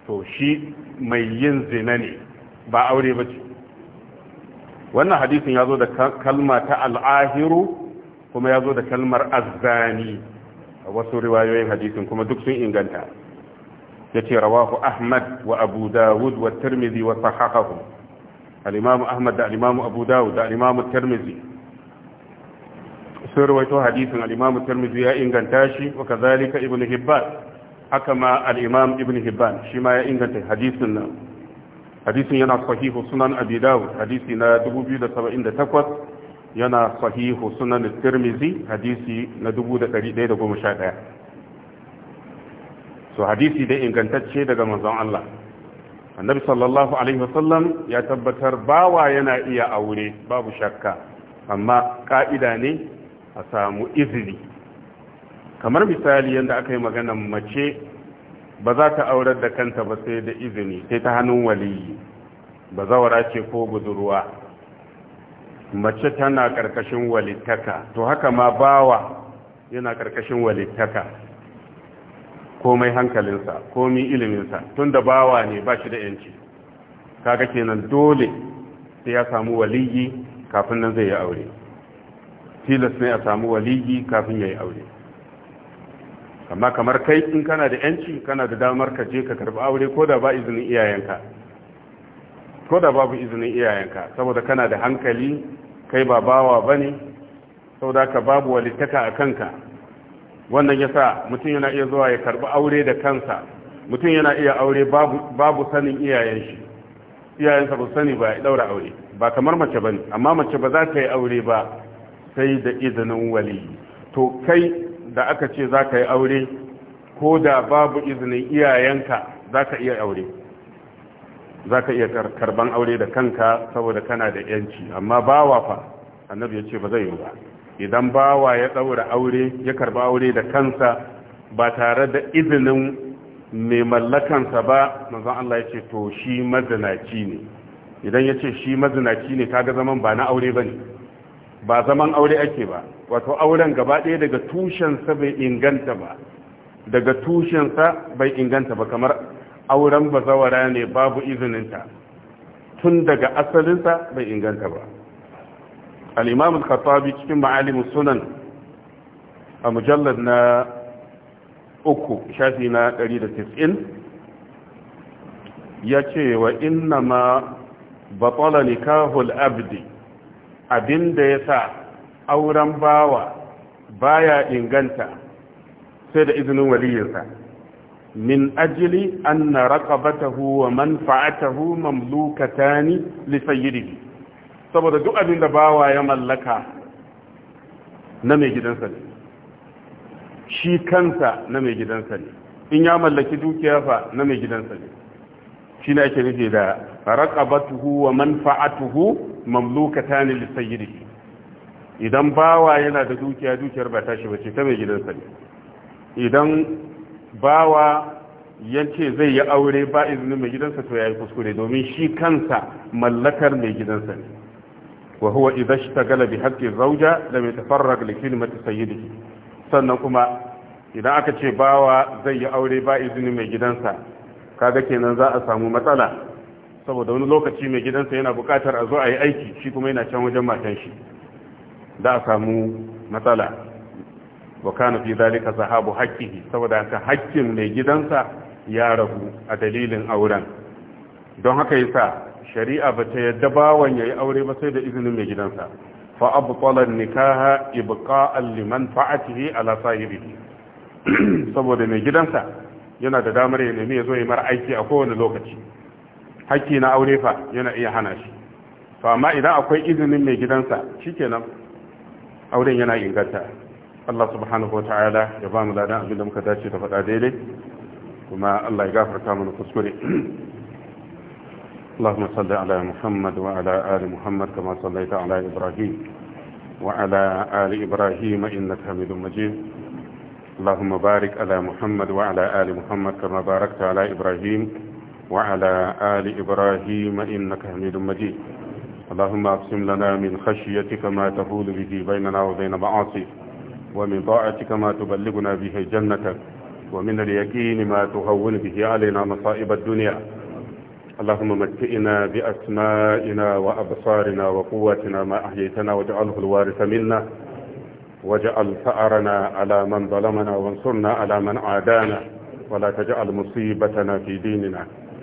to shi mai yin zina ne ba aure ba ce wannan hadisin ya zo da kalma ta al kuma ya zo da kalmar azzani wasu riwayoyin hadisin kuma duk sun inganta ya yace rawahu ahmad wa abu dawud wa tirmidhi wa sahahahu al-imam ahmad da al-imam abu dawud da al-imam tirmidhi sun rawaito hadisin al-imam tirmidhi ya inganta shi wa kazalika ibn hibban haka ma al-imam ibn hibban shi ma ya inganta hadisin nan hadisin yana sahihu sunan abi dawud hadisi na 2078 yana sahihu sunan tirmidhi hadisi na 1111 so hadisi da ingantacce daga manzon Allah annabi sallallahu alaihi wasallam ya tabbatar bawa yana iya aure babu shakka amma ka'ida ne a samu izini kamar misali yadda aka yi magana mace ba za ta aurar da kanta ba sai da izini sai ta hannun waliyi ba zawara ce ko budurwa mace tana karkashin walittaka to haka ma bawa yana karkashin walittaka komai hankalinsa komai iliminsa tun da bawa ne ba shi da yanci kaga kenan dole sai ya samu waliyi kafin nan zai yi aure tilas ne a samu waliyi kafin ya yi aure amma kamar kai in kana da yanci kana da damar ka je ka karbi aure ko da ba izinin iyayenka ko da babu izinin iyayenka saboda kana da hankali kai ba bawa bane saboda ka babu walittaka a kanka wannan yasa mutum yana iya zuwa ya karbi aure da kansa mutum yana iya aure babu sanin iyayen shi iyayensa ba sani ba ya daura aure ba kamar mace bane amma mace ba za ta yi aure ba sai da izinin wali to kai da aka ce za ka yi aure ko da babu izinin iyayenka za ka iya aure za ka iya karban aure da kanka saboda kana da yanci amma bawa fa annabi ya ce ba zai yi ba idan bawa ya tsaura aure ya karba aure da kansa ba tare da izinin mai mallakansa ba manzon Allah ya ce to shi mazinaci ne idan ya ce shi mazinaci ne kaga zaman ba na aure ba ne ba zaman aure ake ba wato auren gaba ɗaya daga tushensa bai inganta ba daga tushensa bai inganta ba kamar auren bazawara ne babu izininta tun daga asalinsa bai inganta ba al'imamun khattabi cikin ma'alimin sunan a mujallar na uku shafi na 190 ya ce wa inna ma batsala nikahul abdi abin da ya sa auren bawa baya inganta sai da izinin waliyarsa min ajili anna raqabatahu wa manfa'atahu mamlukatani ni sayyidihi saboda duk abin da bawa ya mallaka na mai gidansa ne shi kansa na mai gidansa ne in ya mallaki dukiya fa na mai gidansa ne shi ne ake nufi da raqabatuhu wa manfa'atuhu mamlukatan li sayyidihi idan bawa yana da dukiya dukiyar ba tashi bace ta mai gidansa ne idan bawa yace zai yi aure ba izinin mai gidansa to yayi kuskure domin shi kansa mallakar mai gidansa ne wa huwa idza ishtagala bi haqqi zawja lam yatafarraq li kalimati sayyidihi sannan kuma idan aka ce bawa zai yi aure ba izinin mai gidansa kaga kenan za a samu matsala saboda wani lokaci mai gidansa yana bukatar a zo a yi aiki shi kuma yana can wajen matan shi da a samu matsala wa kana fi zalika zahabu haqqihi saboda haka haƙƙin mai gidansa ya ragu a dalilin auren don haka yasa shari'a ba ta yadda bawan yayi aure ba sai da izinin mai gidansa fa abtala nikaha ibqa'an liman fa'atihi ala sahibihi saboda mai gidansa yana da damar ya nemi ya zo ya mara aiki a kowane lokaci hakki na aure fa yana iya hana shi to amma idan akwai izinin mai gidansa shikenan auren yana inganta Allah subhanahu wataala ya ba mu ladan abin da muka dace da faɗa daidai kuma Allah ya gafarta mana kuskure اللهم صل على محمد وعلى آل محمد كما صليت على إبراهيم وعلى آل إبراهيم إنك حميد مجيد اللهم بارك على محمد وعلى آل محمد كما باركت على إبراهيم وعلى آل إبراهيم إنك حميد مجيد اللهم أقسم لنا من خشيتك ما تفول به بيننا وبين معاصيك ومن طاعتك ما تبلغنا به جنتك ومن اليقين ما تهون به علينا مصائب الدنيا اللهم متئنا بأسمائنا وأبصارنا وقوتنا ما أحييتنا واجعله الوارث منا واجعل ثأرنا على من ظلمنا وانصرنا على من عادانا ولا تجعل مصيبتنا في ديننا